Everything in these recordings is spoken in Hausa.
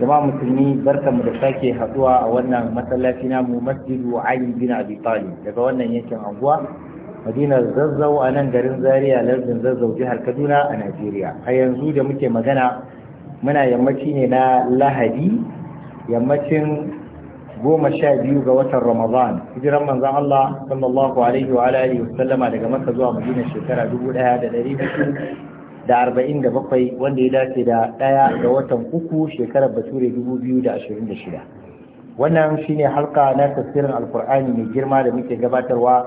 jama musulmi mu da sake haduwa a wannan masallaci namu masjidu ali bin abi talib daga wannan yankin anguwa madinar zazzau a nan garin zaria lardin zazzau jihar kaduna a najeriya a yanzu da muke magana muna yammaci ne na lahadi yammacin goma sha biyu ga watan ramadan hijiran manzan allah sallallahu alaihi wa alihi wasallama daga maka zuwa madina shekara dubu ɗaya da ɗari hudu da arba'in da bakwai wanda ya dace da ɗaya ga watan uku shekarar bature dubu biyu da ashirin da shida wannan shine halka na tafsirin alkur'ani mai girma da muke gabatarwa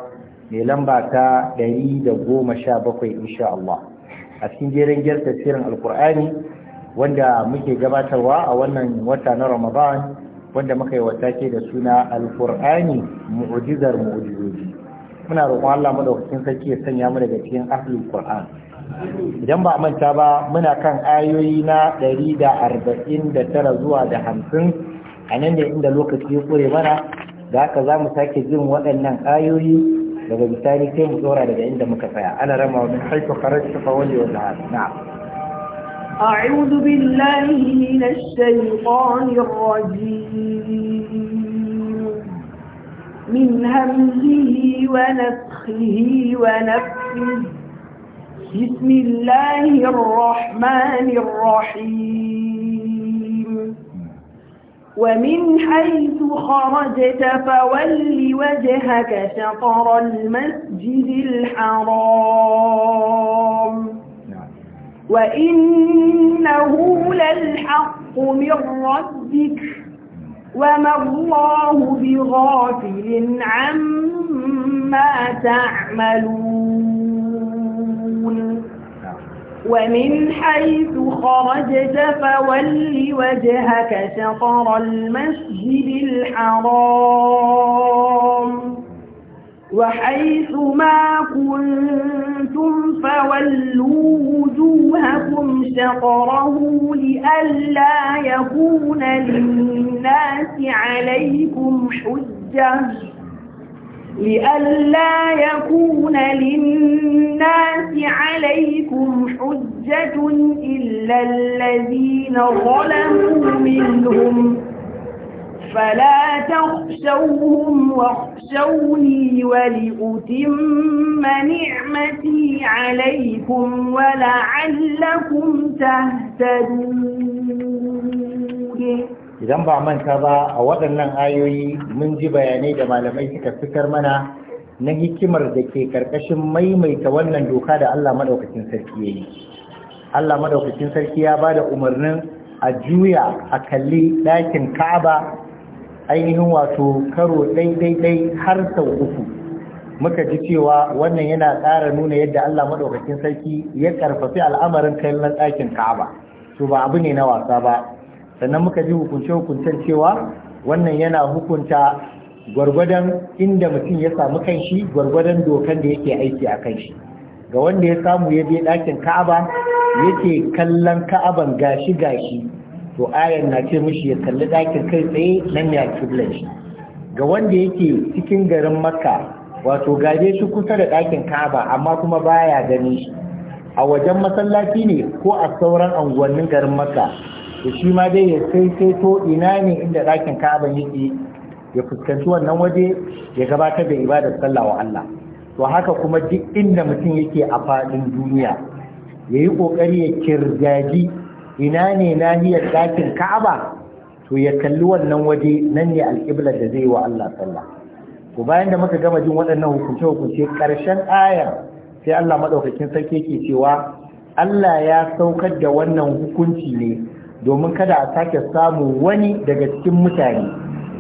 mai lamba ta ɗari da goma sha bakwai insha Allah a cikin jerin gyar tafsirin alkur'ani wanda muke gabatarwa a wannan wata na ramadan wanda muka yi wata take da suna alkur'ani mu'ujizar mu'ujizoji muna roƙon Allah madaukakin sarki ya sanya mu daga cikin ahlul qur'an idan ba manta ba muna kan ayoyi na 149 zuwa da hamsin a nan ne inda lokaci ya kure mana da aka za mu sake jin waɗannan ayoyi daga bisani sai mu tsora daga inda muka tsaya ana rama wa min haifu kharajta fa wali wa na'am أعوذ بالله من الشيطان الرجيم من ونفخه ونفخه بسم الله الرحمن الرحيم ومن حيث خرجت فول وجهك شطر المسجد الحرام وإنه للحق من ربك وما الله بغافل عما تعملون الرسول ومن حيث خرجت فول وجهك شطر المسجد الحرام وحيث ما كنتم فولوا وجوهكم شطره لئلا يكون للناس عليكم حجة لئلا يكون للناس عليكم حجة إلا الذين ظلموا منهم فلا تخشوهم واخشوني ولأتم نعمتي عليكم ولعلكم تهتدون idan ba manta ba a waɗannan ayoyi mun ji bayanai da malamai suka fitar mana na hikimar da ke ƙarƙashin maimaita wannan doka da Allah maɗaukacin sarki ya yi Allah maɗaukacin sarki ya ba da umarnin a juya a kalli ɗakin ka'aba ainihin wato karo ɗai-ɗai-ɗai har sau uku muka ji cewa wannan yana ƙara nuna yadda Allah maɗaukacin sarki ya ƙarfafi al'amarin kallon ɗakin ka'aba to ba abu ne na wasa ba sannan muka ji hukunce-hukuncen cewa wannan yana hukunta gwargwadon inda mutum ya samu shi gwargwadon dokan da yake aiki a kanshi ga wanda ya samu ya je ɗakin ka'aba yake kallon ka'aban gashi gashi to ayan na ce mishi ya kalli ɗakin kai tsaye nan ya kibla shi ga wanda yake cikin garin makka wato gaje shi kusa da ɗakin ka'aba amma kuma baya gani. shi a wajen masallaci ne ko a sauran unguwannin garin makka to shi ma dai ya sai sai to ina ne inda ɗakin ka'aban yake ya fuskanci wannan waje ya gabatar da ibadar sallah wa Allah to haka kuma duk inda mutum yake a faɗin duniya ya yi ƙoƙari ya kirgaji ina ne nahiyar ɗakin ka'aba to ya kalli wannan waje nan ne alƙiblar da zai wa Allah sallah to bayan da muka gama jin waɗannan hukunce hukunce ƙarshen ayar sai Allah maɗaukakin sarki yake cewa Allah ya saukar da wannan hukunci ne domin kada a sake samu wani daga cikin mutane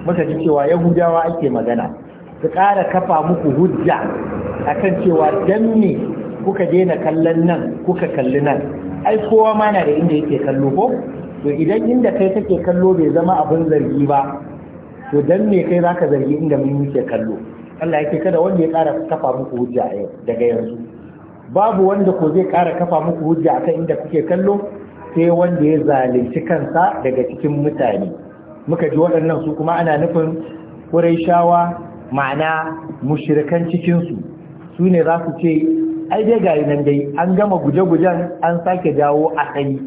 muka ji cewa yahudawa ake magana su ƙara kafa muku hujja akan cewa dan ne kuka daina kallon nan kuka kalli nan ai kowa ma na da inda yake kallo ko to idan inda kai kake kallo bai zama abin zargi ba to dan me kai zaka zargi inda mun yake kallo Allah yake kada wanda ya ƙara kafa muku hujja daga yanzu babu wanda ko zai ƙara kafa muku hujja akan inda kuke kallo sai wanda ya zalunci kansa daga cikin mutane muka ji waɗannan su kuma ana nufin shawa ma'ana mushirikan cikinsu su ne za su ce ai dai gari nan dai an gama guje-gujen an sake dawo asali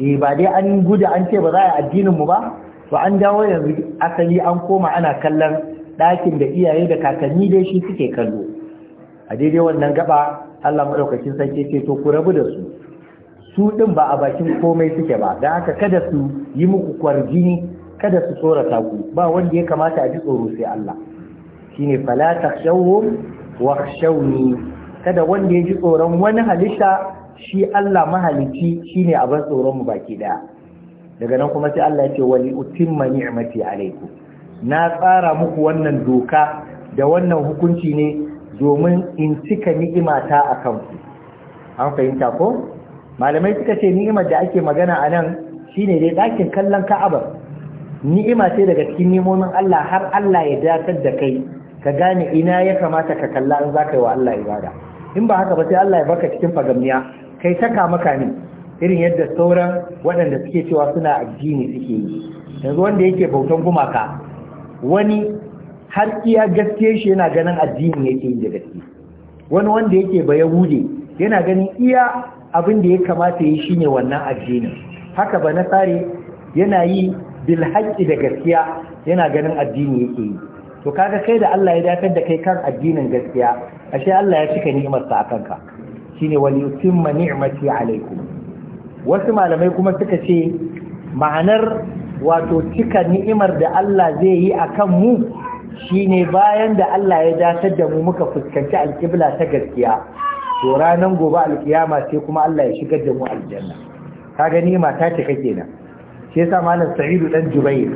eh ba dai an guje an ce ba za a addinin mu ba to an dawo yanzu asali an koma ana kallon ɗakin da iyaye da kakanni dai shi suke kallo a daidai wannan gaba Allah maɗaukacin sarki ce to ku rabu da su su ɗin ba a bakin komai suke ba da haka kada su yi muku kwarjini kada su tsorata ku ba wanda ya kamata a ji tsoro sai Allah shine fala takhshawhum wakhshawni kada wanda ya ji tsoron wani halitta shi Allah mahalici shine abin tsoron mu baki daya daga nan kuma sai Allah ya ce wali utimma ni'mati alaikum na tsara muku wannan doka da wannan hukunci ne domin in cika ni'imata akan ku an fahimta ko malamai suka ce ni'imar da ake magana a nan shine dai ɗakin kallon ka'abar ni'ima ce daga cikin nimomin Allah har Allah ya datar da kai ka gane ina ya kamata ka kalla in za ka yi wa Allah ibada in ba haka ba sai Allah ya baka cikin fagamniya kai saka maka ne irin yadda sauran waɗanda suke cewa suna addini suke yi yanzu wanda yake bautan gumaka wani har iya gaske shi yana ganin addini yake yi da gaske wani wanda yake ba yahude yana ganin iya abin da ya kamata shi shine wannan addinin haka ba na tsari yana yi bil da gaskiya yana ganin addini yake yi to kaga kai da Allah ya dakar da kai kan addinin gaskiya ashe Allah ya cika ni'imar sa akan ka shine wal yutimma ni'mati alaikum wasu malamai kuma suka ce ma'anar wato cika ni'imar da Allah zai yi akan mu shine bayan da Allah ya datar da mu muka fuskanci alƙibla ta gaskiya to ranan gobe alkiyama sai kuma Allah ya shigar da mu aljanna ka gani mata ce kake na Sai yasa malam sa'idu dan jubair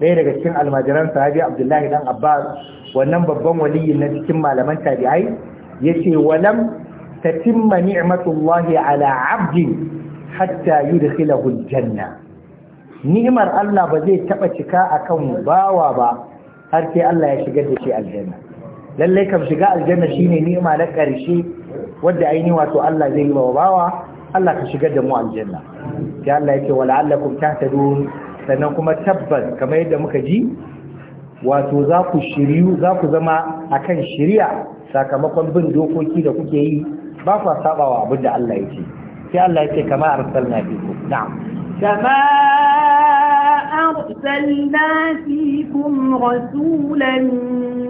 ɗaya daga cikin almajiran sahabi abdullahi dan abbas wannan babban waliyin na cikin malaman tabi'ai yace walam tatimma ni'matullahi ala 'abdi hatta yudkhilahu aljanna ni'mar Allah ba zai taba cika akan bawa ba har sai Allah ya shigar da shi aljanna lalle kam shiga aljanna shine ni'ima na ƙarshe wadda aini wato Allah zai yi wa bawa Allah ka shigar da mu aljanna ya Allah yake wala'allakum tahtadun sannan kuma tabbas kamar yadda muka ji wato za ku shiryu za ku zama akan shiriya sakamakon bin dokoki da kuke yi ba ku sabawa abin da Allah yake sai Allah yake kamar arsalna bikum na'am أرسلنا فيكم رسولا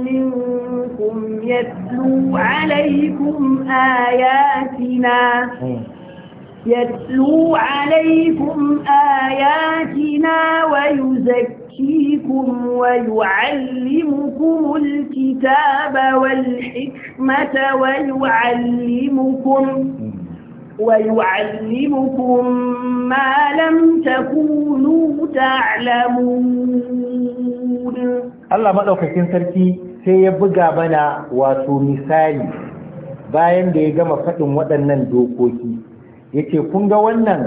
منكم يتلو عليكم آياتنا يتلو عليكم آياتنا ويزكيكم ويعلمكم الكتاب والحكمة ويعلمكم ويعلمكم ما لم تكونوا تعلمون الله مدوكاkin sarki sai ya buga mana wato misali bayan da ya gama faɗin waɗannan dokoki yace kun ga wannan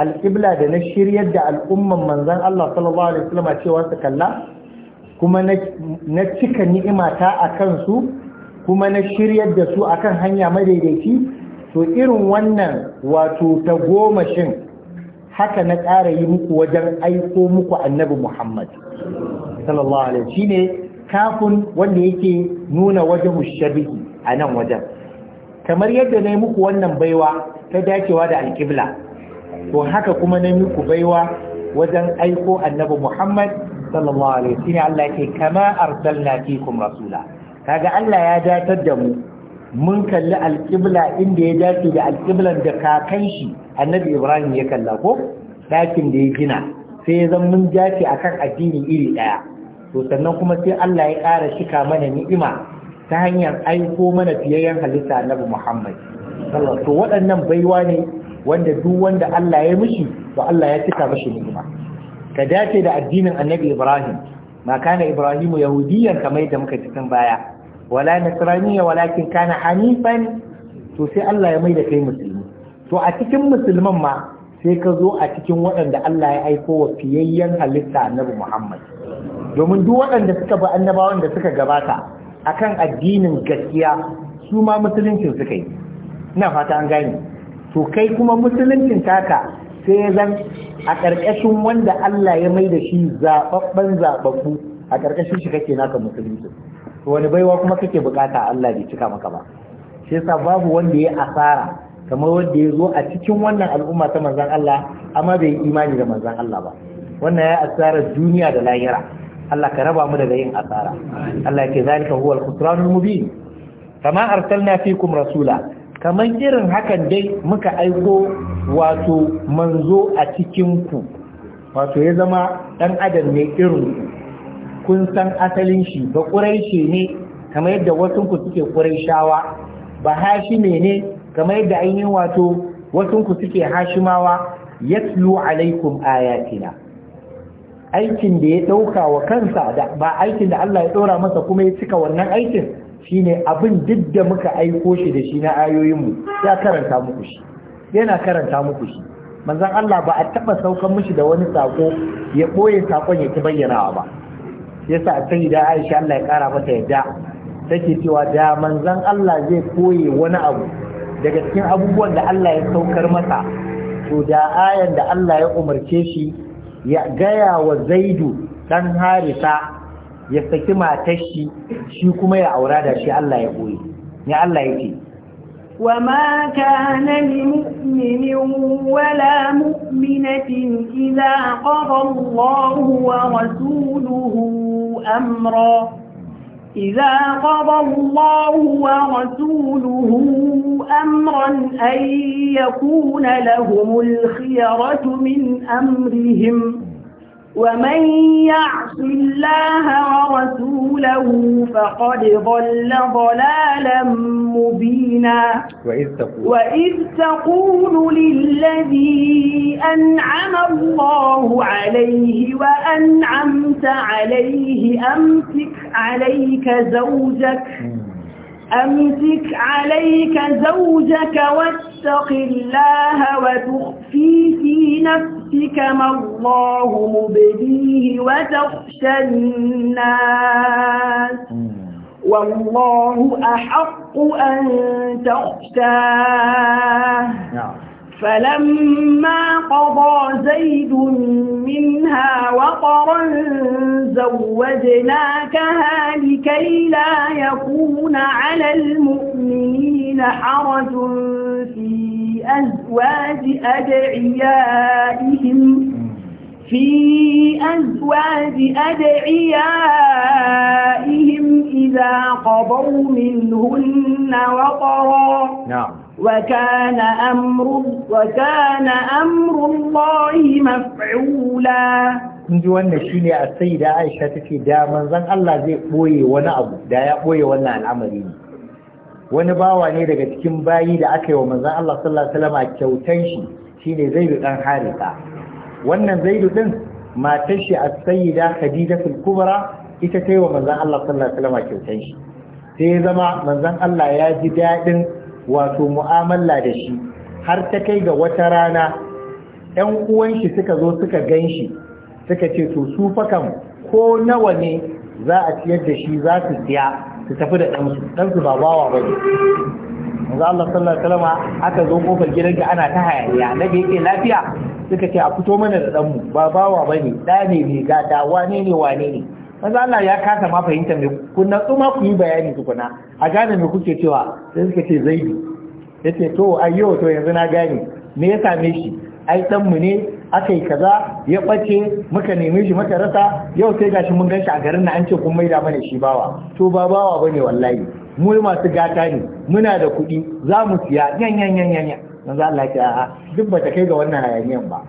alƙibla da na shiryar da al'umman manzon Allah sallallahu alaihi wasallam cewa su kalla kuma na cika ni'imata a kansu kuma na shiryar da su akan hanya madaidaici to irin wannan wato ta goma shin haka na ƙara yi muku wajen aiko muku annabi Muhammad sallallahu alaihi shine kafin wanda yake nuna wajen shabihi a nan wajen kamar yadda na yi muku wannan baiwa ta dacewa da alkibla to haka kuma na yi muku baiwa wajen aiko annabi Muhammad sallallahu alaihi shine Allah yake kama arsalna fikum rasula kaga Allah ya datar da mu mun kalli alƙibla inda ya dace da alƙiblan da kakan shi annabi ibrahim ya kalla ko ɗakin da ya gina sai ya zan mun dace akan addini iri ɗaya to sannan kuma sai allah ya ƙara shika mana ni'ima ta hanyar aiko mana fiyayyen halitta annabi muhammad to waɗannan baiwa ne wanda duk wanda allah ya mishi to allah ya cika mishi ni'ima ka dace da addinin annabi ibrahim ma kana ibrahimu yahudiyan kamar yadda muka cikin baya wala nasraniya walakin kana hanifan to sai Allah ya mai da kai musulmi to a cikin musulman ma sai ka zo a cikin waɗanda Allah ya aiko wa fiyayyen halitta annabi Muhammad domin duk waɗanda suka bi annabawan da suka gabata akan addinin gaskiya su ma musuluncin suka yi ina fata an gane to kai kuma musuluncin taka sai ya zan a ƙarƙashin wanda Allah ya mai da shi zaɓaɓɓen zaɓaɓɓu a ƙarƙashin shi kake naka musulunci wani baiwa kuma kake bukata Allah bai cika maka ba shi yasa babu wanda ya asara kamar wanda ya zo a cikin wannan al'umma ta Manzan Allah amma bai imani da Manzan Allah ba wannan ya asara duniya da lahira Allah ka raba mu daga yin asara Allah yake zalika huwal khusranul mubin kama arsalna fikum rasula kaman irin hakan dai muka aiko wato manzo a cikin ku wato ya zama dan adam ne irin ku kun san asalin shi ba ƙuraishi ne kamar yadda wasu suke ƙuraishawa ba hashime ne kamar yadda ainihin wato wasu suke hashimawa yatlu alaikum ayatina aikin da ya ɗauka wa kansa da ba aikin da Allah ya ɗora masa kuma ya cika wannan aikin shine abin duk da muka aiko shi da shi na ayoyinmu ya karanta muku shi yana karanta muku shi manzon Allah ba a taɓa saukan mishi da wani sako ya ɓoye sakon ya ki bayyanawa ba yasa sai da Aisha Allah ya kara mata yadda take cewa da manzon Allah zai koyi wani abu daga cikin abubuwan da Allah ya saukar mata to da ayan da Allah ya umarce shi ya gaya wa Zaidu dan Harisa ya saki matar shi shi kuma ya aura da shi Allah ya koye ni Allah yake وما كان لمؤمن ولا مؤمنة إذا قضى الله ورسوله أمرا إذا قضى الله ورسوله أمرا أن يكون لهم الخيرة من أمرهم ومن يعص الله ورسوله فقد ضل ضلالا مبينا وإذ تقول, وإذ تقول للذي أنعم الله عليه وأنعمت عليه أمسك عليك زوجك أمسك عليك زوجك واتق الله وتخفي في نفسك ما الله مبديه وتخشى الناس والله أحق أن تخشاه نعم. فلما قضى زيد منها وطرا زوجناكها لكي لا يكون على المؤمنين حرج في أزواج أدعيائهم في أزواج أدعيائهم إذا قضوا منهن وطرا نعم وكان أمر وكان أمر الله مفعولا kun ji wannan shine a sai da Aisha take da manzon Allah zai boye wani abu da ya boye wannan al'amari ne wani bawa ne daga cikin bayi da aka yi wa manzon Allah sallallahu alaihi wasallam kyautan shi shine Zaidu dan Harisa wannan Zaidu din matar shi as-sayyida Khadija kubra ita ta yi wa manzon Allah sallallahu alaihi wasallam kyautan shi sai zama manzon Allah ya ji dadin wato mu'amala da shi har ta kai ga wata rana ɗan uwan shi suka zo suka gan shi suka ce to su fakan ko nawa ne za a ciyar da shi za su siya su tafi da ɗansu ɗansu ba bawa ba ne Allah sallallahu alaihi wasallam aka zo kofar gidan ga ana ta hayaniya na da yake lafiya suka ce a fito mana da ɗanmu ba bawa ba ne ɗa ne mai gata wane ne wane ne manzo Allah ya kasa ma fahimta mai ku tsuma ma ku yi bayani tukuna a gane mai kuke cewa sai suka ce zaidu ce to ayyo to yanzu na gane me ya same shi ai dan mu ne aka yi kaza ya ɓace. muka neme shi muka rasa yau sai gashi mun ganshi a garin na an ce kun maida mana shi bawa to ba bawa bane wallahi mu masu gata ne muna da kuɗi za mu siya yan yan yan Allah ya ce a'a duk bata kai ga wannan hayaniyan ba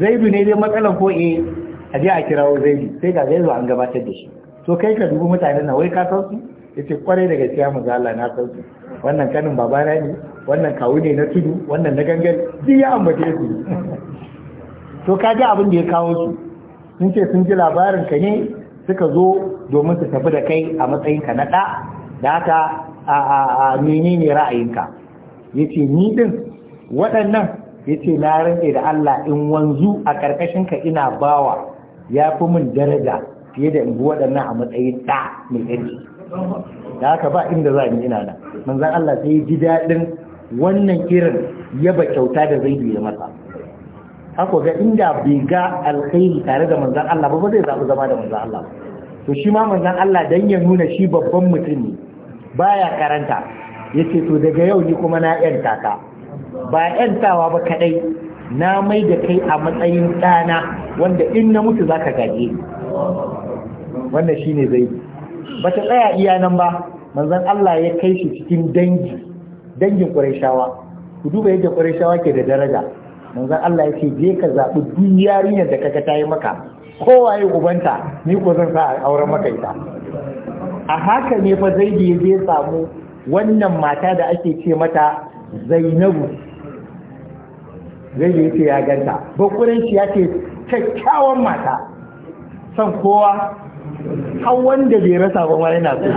zaidu ne dai matsalan ko eh a je a kirawo zaidu sai ga zo an gabatar da shi to kai ka dubi mutanen na wai ka san su yace kwarai da gaskiya manzo Allah na san su wannan kanin babana ne wannan kawu ne na tudu wannan na gangan duk ya ambace su to ka ji abin da ya kawo su sun ce sun ji labarin ka ne suka zo domin su tafi da kai a matsayin ka na ɗa da ta, a a a menene ra'ayinka yace ni din waɗannan yace na rantse da Allah in wanzu a ƙarƙashinka ka ina bawa ya fi min daraja fiye da in waɗannan a matsayin ɗa mai yanci da haka ba inda za ni ina nan zan Allah sai ya ji daɗin wannan irin yaba kyauta da zai biya masa haka ga inda bai ga alkhairi tare da manzan Allah ba ba zai zaɓi zama da manzan Allah to shi ma Allah dan ya nuna shi babban mutum ne baya karanta yace to daga yau ni kuma na yanta ka ba yantawa ba kaɗai. na mai da kai a matsayin ɗana wanda in na mutu za ka gaje ni wannan shi ne zai ba ta tsaya iya nan ba manzan Allah ya kai shi cikin dangi dangin ƙwarishawa ku duba yadda ƙwarishawa ke da daraja manzan Allah ya ce je ka zaɓi duk yarinyar da kaka ta yi maka kowaye ubanta ni ko zan sa auren maka ita a haka ne fa zai je samu wannan mata da ake ce mata zainabu zai yi ce ya ganta shi ya ce kyakkyawan mata san kowa hau wanda bai rasa ba ma yana so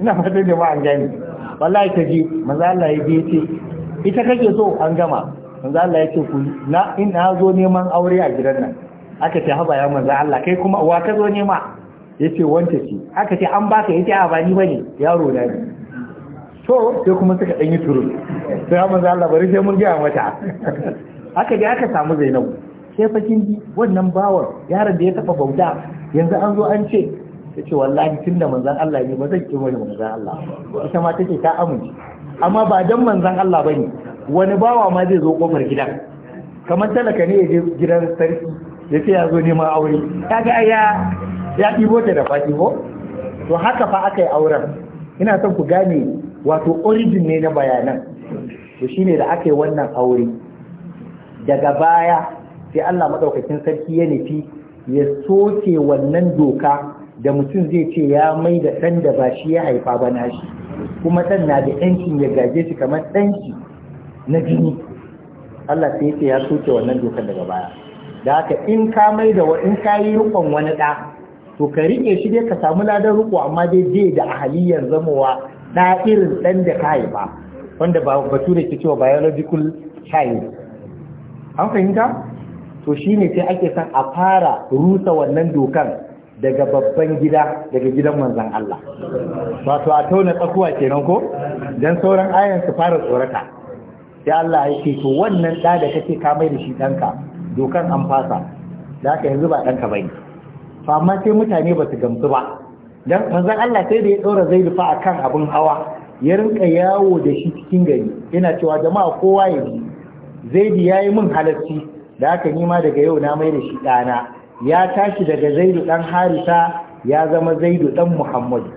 ina fatan da ma'an an gani wallahi ta ji mazala ya je ce ita kake so an gama mazala ya ce ku na in na zo neman aure a gidan nan aka ce haba ya manzo Allah kai kuma wa ka zo nema ce wance ce aka ce an baka yace a ba ne, bane yaro na ne to sai kuma suka ɗan yi turu sai amma za Allah bari sai mun gaya mata aka ga aka samu Zainabu sai fakin ji wannan bawar yaron da ya taba bauta yanzu an zo an ce ta ce wallahi tun da manzan Allah ne ba zan ƙi wani manzan Allah ita ma take ta amince amma ba dan manzan Allah bane wani bawa ma zai zo kofar gidan kamar talaka ne ya je gidan sarki ya ce ya zo neman aure Ya ga ya ya ɗibo ta da faɗi ko to haka fa aka yi auren ina son ku gane wato origin ne na bayanan to shine da aka yi wannan aure daga baya sai Allah madaukakin sarki ya nufi ya soke wannan doka da mutum zai ce ya mai da ɗan da ba shi ya haifa ba na shi kuma ɗan na da yankin ya gaje shi kamar ɗanki na jini Allah sai ce ya soke wannan dokar daga baya da haka in ka mai da in ka yi rukon wani ɗa to ka riƙe shi dai ka samu ladan ruko amma dai dai da ahaliyar zamowa ɗa irin ɗan da ka haifa wanda ba bature ke cewa biological child an fahimta to shine sai ake san a fara rusa wannan dokan daga babban gida daga gidan manzan Allah wato a tauna tsakuwa kenan ko dan sauran ayan su fara tsorata sai Allah ya ce to wannan ɗa da kake ka mai da shi ɗanka dokan an fasa da haka yanzu ba ɗanka bane to amma sai mutane ba su gamsu ba dan fanzan Allah sai da ya ɗaura zaidu fa akan abin hawa ya rinka yawo da shi cikin gari yana cewa jama'a kowa ya bi. zaidu ya yi min halarci da aka yi ma daga yau na mai da shi ɗana ya tashi daga zaidu ɗan harisa ya zama zaidu ɗan muhammadu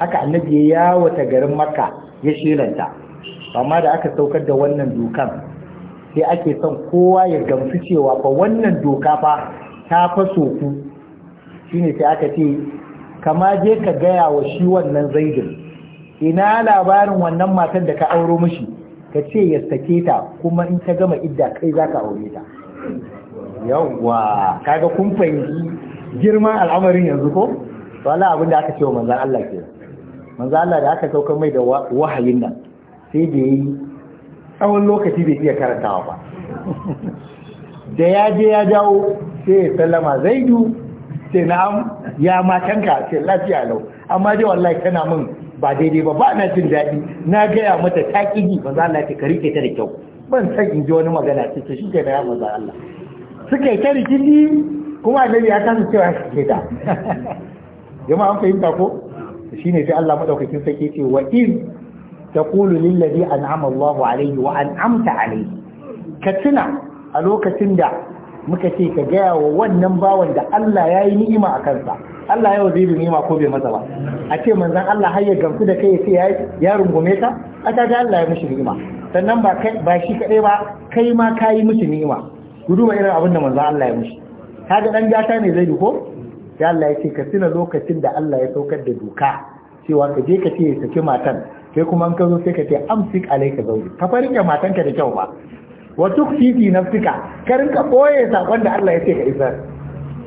haka annabi ya yawata garin makka ya shelanta amma da aka saukar da wannan dokan sai ake son kowa ya gamsu cewa ba wannan doka fa ta fa soku shine sai aka ce kama je ka gaya wa shi wannan zaidin ina labarin wannan matan da ka auro mishi ka ce ya sake ta kuma in ta gama idda kai za ka aure ta yawwa kaga kun fahimci girman al'amarin yanzu ko to abin da aka ce wa manzan Allah ke manzan Allah da aka saukar mai da wahayin nan sai da yi tsawon lokaci bai iya karantawa ba da ya je ya jawo sai ya sallama zaidu ce na'am ya matanka ce lafiya lau amma dai wallahi tana min ba daidai ba ba na jin daɗi na gaya mata ta ƙigi ba za Allah ka rike ta da kyau ban san in ji wani magana ce to shike na ya maza Allah suka yi ta rikili kuma annabi ya kasa cewa shi ke ta jama'a an fahimta ko ne sai Allah maɗaukakin sarki ce wa in taqulu lil ladhi an'ama Allahu alayhi wa an'amta alayhi ka tuna a lokacin da muka ce ka gaya wa wannan bawan da Allah ya yi ni'ima a kansa Allah yau zai ni'ima ko bai masa ba a ce manzan Allah har ya gamsu da kai ya ya rungume ka a ta ga Allah ya mishi ni'ima sannan ba shi kaɗai ba kai ma ka yi mishi ni'ima Guduma irin abin da manzan Allah ya mishi kaga dan gata ne zai ko ya Allah ya ce ka tuna lokacin da Allah ya saukar da doka cewa ka je ka ce saki matan sai kuma an ka sai ka ce amsik alaika zawji ka farke matanka da kyau ba wa tukfi fi nafsika ka rinka boye sakon da Allah ya ce ka isa.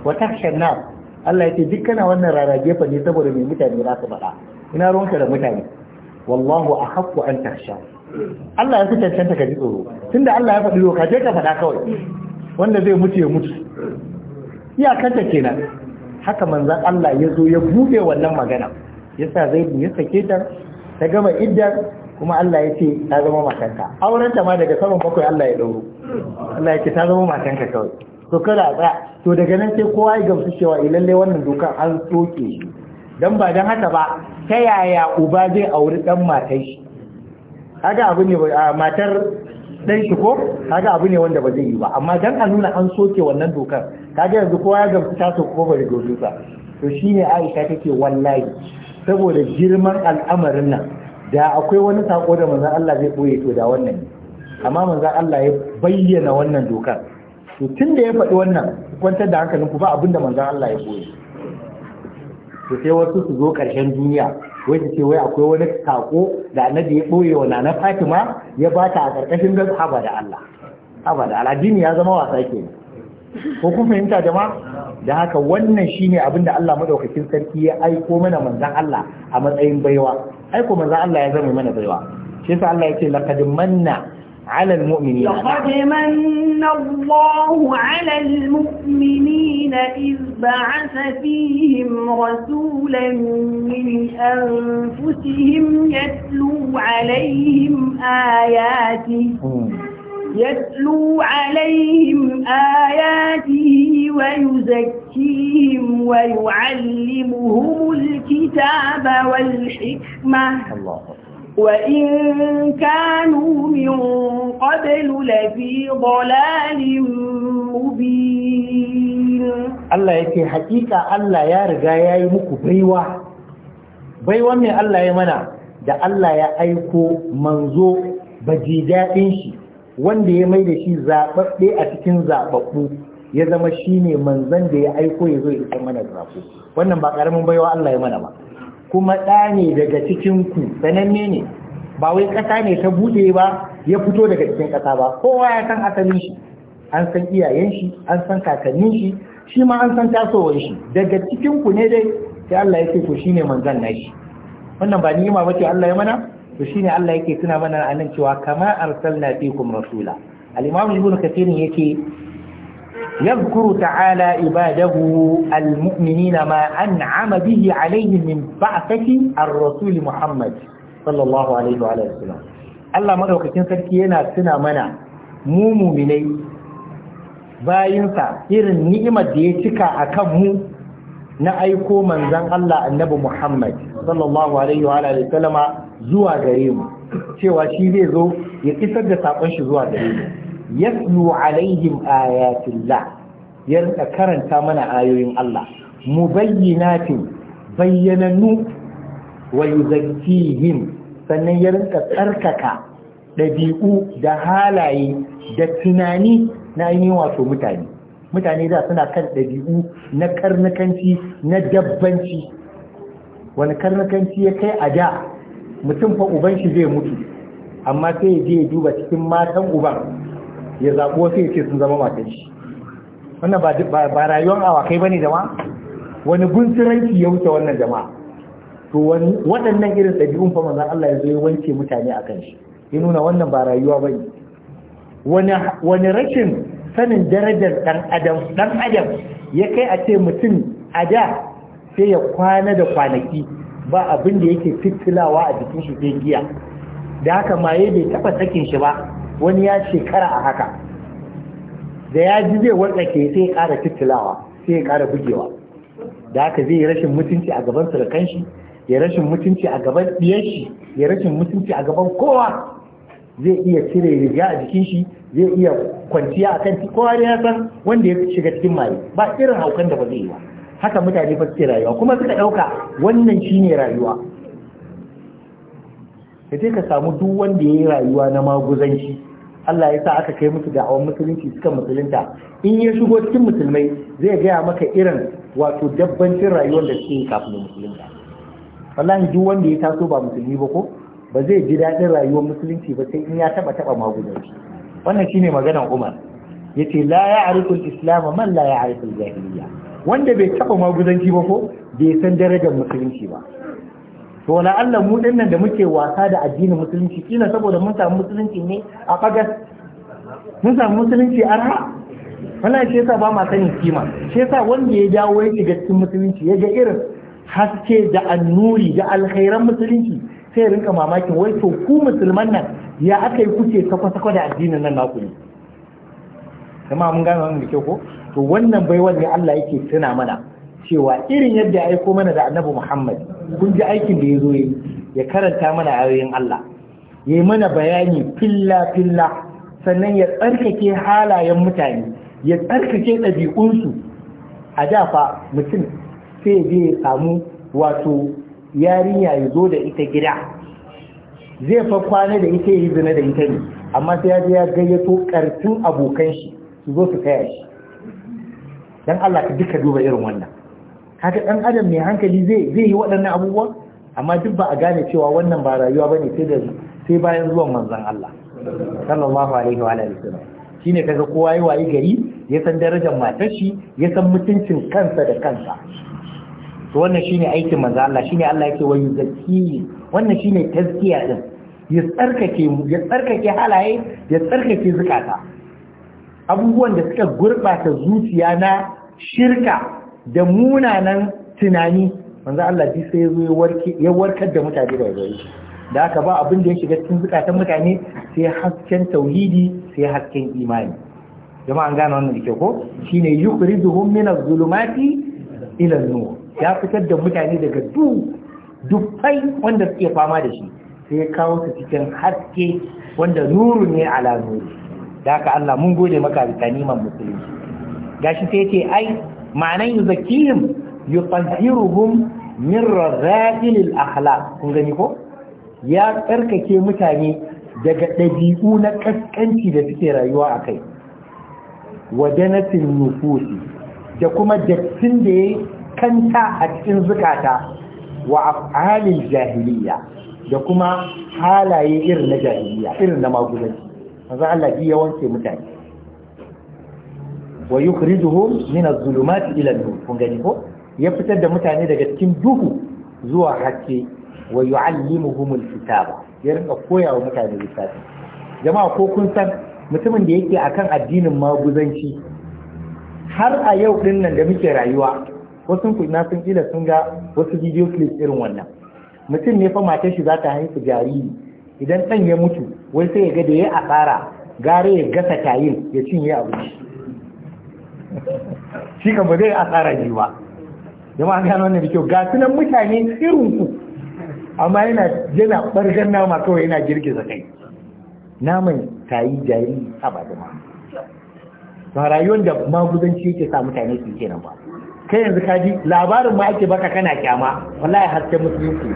wa takshan Allah ya ce duk kana wannan rarage fa ne saboda mai mutane za su faɗa ina ruwanka da mutane wallahu ahaqqu an taksha Allah ya fi cancanta ka ji tsoro tunda Allah ya faɗi ka je ka faɗa kawai wanda zai mutu ya mutu iyakanta kenan haka manzan Allah ya zo ya buɗe wannan magana yasa zai ya sake ta ta gama iddar kuma Allah ya ce ta zama matanka auren ta ma daga saman bakwai Allah ya dauro Allah ya ce ta zama matanka kawai to kada ba to daga nan sai kowa ya gamsu cewa eh, lalle wannan dokan an soke shi dan ba dan haka ba ta yaya uba zai auri dan matar shi kaga abu ne matar dan shi ko kaga abu ne wanda ba zai yi ba amma dan a nuna an soke wannan dokar kaga yanzu kowa ya gamsu ta soke ko ba da to shine Aisha take wallahi saboda girman al'amarin nan da akwai wani sako da manzan Allah zai ɓoye to da wannan ne amma manzan Allah ya bayyana wannan dokar to tun da ya faɗi wannan kwantar da hankalin ku ba abin da manzan Allah ya ɓoye to sai wasu su zo ƙarshen duniya wai su ce wai akwai wani sako da annabi ya ɓoye wa nana Fatima ya ba ta a ƙarƙashin gaskiya da Allah haba da ya zama wasa kenan ko kun fahimta jama'a da haka wannan shine abin da Allah madaukakin sarki ya aiko mana manzon Allah a matsayin baiwa aiko manzon Allah ya zama mana baiwa shi yasa Allah yake laqad manna على المؤمنين لقد من الله على المؤمنين إذ بعث فيهم رسولا من أنفسهم يتلو عليهم آياته يتلو عليهم آياته ويزكيهم ويعلمهم الكتاب والحكمة وإن كانوا من قبل لفي ضلال مبين الله يكي حقيقة الله يارجى يمك بيوة بيوة من الله يمنع da Allah ya aiko manzo ba ji daɗin shi wanda ya mai da shi zaɓaɓɓe a cikin zaɓaɓɓu ya zama shi ne manzan da ya aiko ya zo ya isa mana zaɓo wannan ba ƙaramin baiwa Allah ya mana ba kuma ɗa ne daga cikin ku sananne ne ba wai ƙasa ne ta buɗe ba ya fito daga cikin ƙasa ba kowa ya san asalin shi an san iyayen shi an san kakannin shi shi ma an san tasowar shi daga cikin ku ne dai sai Allah ya ce to shine manzan nashi wannan ba ni ni'ima bace Allah ya mana to Allah yake tuna mana a nan cewa kama arsalna fikum rasula al-imam ibnu kathir yake yadhkuru ta'ala ibadahu al-mu'minina ma an'ama a alayhim min ba'thati ar-rasul muhammad sallallahu alayhi wa sallam Allah madaukakin sarki yana tuna mana mu bayansa irin ni'imar da ya cika akan mu na aiko manzon Allah annabi muhammad sallallahu alaihi wa sallama zuwa gare mu cewa shi zai zo ya isar da sakon shi zuwa gare mu yaslu alaihim ayatillah ya rinka karanta mana ayoyin Allah mubayyinatin bayyananu wa yuzakkihim sannan ya rinka tsarkaka ɗabi'u da halaye da tunani na ainihin wato mutane mutane da suna kan ɗabi'u na karnakanci na dabbanci wani karnakanci ya kai a da mutum fa uban shi zai mutu amma sai ya je ya duba cikin matan uban ya zaɓi wasu ya ce sun zama matan shi wannan ba rayuwar awakai ba ne jama'a wani gunsuranci ya wuce wannan jama'a to waɗannan irin ɗabi'un fa manzon Allah ya zo ya wanke mutane a kan shi ya nuna wannan ba rayuwa ba ne wani rashin sanin darajar ɗan adam ɗan adam ya kai a ce mutum a da sai ya kwana da kwanaki ba abin da yake fitilawa a jikin shi ke giya da haka maye bai taba sakin shi ba wani ya shekara a haka da ya ji zai ke sai ya kara fitilawa sai ya kara bugewa da haka zai yi rashin mutunci a gaban da shi ya rashin mutunci a gaban ɗiyar shi ya rashin mutunci a gaban kowa zai iya cire riga a jikin shi zai iya kwanciya a kan kowa da ya san wanda ya shiga cikin maye ba irin haukan da ba zai yi ba haka mutane fa suke rayuwa kuma suka ɗauka wannan shine rayuwa ka je ka samu duk wanda ya yi rayuwa na maguzanci Allah ya sa aka kai musu da'awan musulunci suka musulunta in ya shigo cikin musulmai zai gaya maka irin wato dabbancin rayuwar da suke yi kafin musulunta wallahi duk wanda ya taso ba musulmi ba ko ba zai ji daɗin rayuwar musulunci ba sai in ya taɓa taba maguzanci wannan shine maganar Umar yace la ya'rifu al-islam man la ya'rifu al jahiliyyah wanda bai taba maguzanci ba ko bai san darajar musulunci ba to la Allah mu nan da muke wasa da addinin musulunci kina saboda mun samu musulunci ne a fagas mun samu musulunci arha wala shi yasa ba ma sanin kima shi yasa wanda ya dawo yake ga cikin musulunci ya ga irin haske da annuri da alkhairan musulunci sai rinka mamakin wai to ku musulman nan ya aka kuke kwata-kwata da addinin nan naku ne kuma mun gane wannan da kyau ko to wannan baiwar ne Allah yake tuna mana cewa irin yadda ya aiko mana da Annabi Muhammad kun ji aikin da ya zo yi ya karanta mana ayoyin Allah yayi mana bayani filla filla sannan ya tsarkake halayen mutane ya tsarkake ɗabi'unsu a dafa mutum sai je ya samu wato yarinya ya zo da ita gida zai fa kwana da ita yi zina da ita ne amma sai ya ya gayyato ƙarfin abokan shi su zo su kaya shi dan Allah ka duka duba irin wannan kaga dan adam mai hankali zai zai yi waɗannan abubuwa amma duk ba a gane cewa wannan ba rayuwa bane sai da sai bayan zuwan manzon Allah sallallahu alaihi wa alihi wasallam shine kaga kowa yi wayi gari ya san darajar matar shi ya san mutuncin kansa da kansa to wannan shine aikin manzon Allah shine Allah yake wayi yuzakki wannan shine tazkiya din ya tsarkake mu ya tsarkake halaye ya tsarkake zakata abubuwan da suka gurɓata zuciya na shirka da munanan tunani wanzu Allah ji sai zo ya warkar da mutane da gari da haka ba abin da ya shiga cikin zukatan mutane sai hasken tauhidi sai hasken imani jama'an gane wannan dake ko shine yukhrijuhum min az-zulumati ila an-nur ya fitar da mutane daga duk dukkai wanda suke fama da shi sai ya kawo su cikin haske wanda nuru ne ala nuru da haka Allah mun gode maka da kaniman musulunci gashi sai ce ai ma'anan yuzakihim yutahhiruhum min radha'il al-akhlaq kun gani ko ya tsarkake mutane daga ɗabi'u na kaskanci da suke rayuwa a kai wa danatin nufusi da kuma dattin da ya kanta a cikin zukata wa af'alil jahiliya da kuma halaye irin na jahiliya irin na magudanci manzo Allah bi ya wanke mutane wa yukhrijuhum min adh-dhulumati ila an-nur kun gani ko ya fitar da mutane daga cikin duhu zuwa haske wa yu'allimuhum al-kitaba ya rinka koya wa mutane littafi jama'a ko kun san mutumin da yake akan addinin maguzanci har a yau din nan da muke rayuwa wasu ku na sun kila sun ga wasu video clips irin wannan mutum ne fa matar shi za ta haifi jariri idan ɗan ya mutu wai sai ya ga da ya asara gare ya gasa tayin ya cinye abinci shi kan ba zai asara ne ba jama'a gano wannan da kyau ga sunan mutane irin ku amma yana yana bargan nama kawai yana girgiza kai naman tayi jari a ba ma. ba rayuwar da maguzanci yake sa mutane su kenan ba kai yanzu kaji labarin ma ake baka kana kyama wallahi har sai musulunci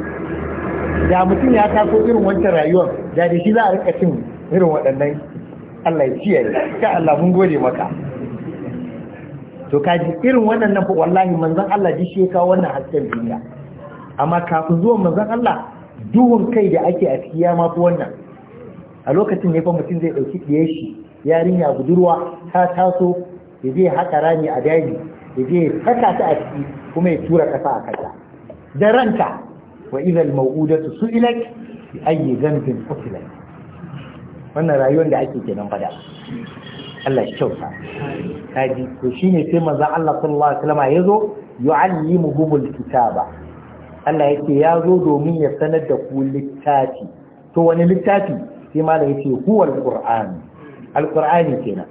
da mutum ya taso irin wancan rayuwar da da shi za a rika cin irin waɗannan Allah ya ciye ka Allah mun gode maka to kaji irin wannan nan wallahi manzon Allah ji shi ya kawo wannan hasken duniya amma kafin zuwan manzon Allah duhun kai da ake a ciki ya mafi wannan a lokacin ne fa mutum zai ɗauki ɗiyar shi yarinya budurwa ta taso ya je haƙa rami a daji ya je saka ta a ciki kuma ya tura ƙasa a kasa da ranta wa idal mawudatu su'ilat bi ayyi dhanbin qutilat wannan rayuwar da ake kenan fada Allah ya kyauta kaji to shine sai manzo Allah sallallahu alaihi wasallam yazo yu'allimuhumul kitaba Allah yake ya zo domin ya sanar da ku littafi to wani littafi sai malam yace huwal qur'an alqur'ani kenan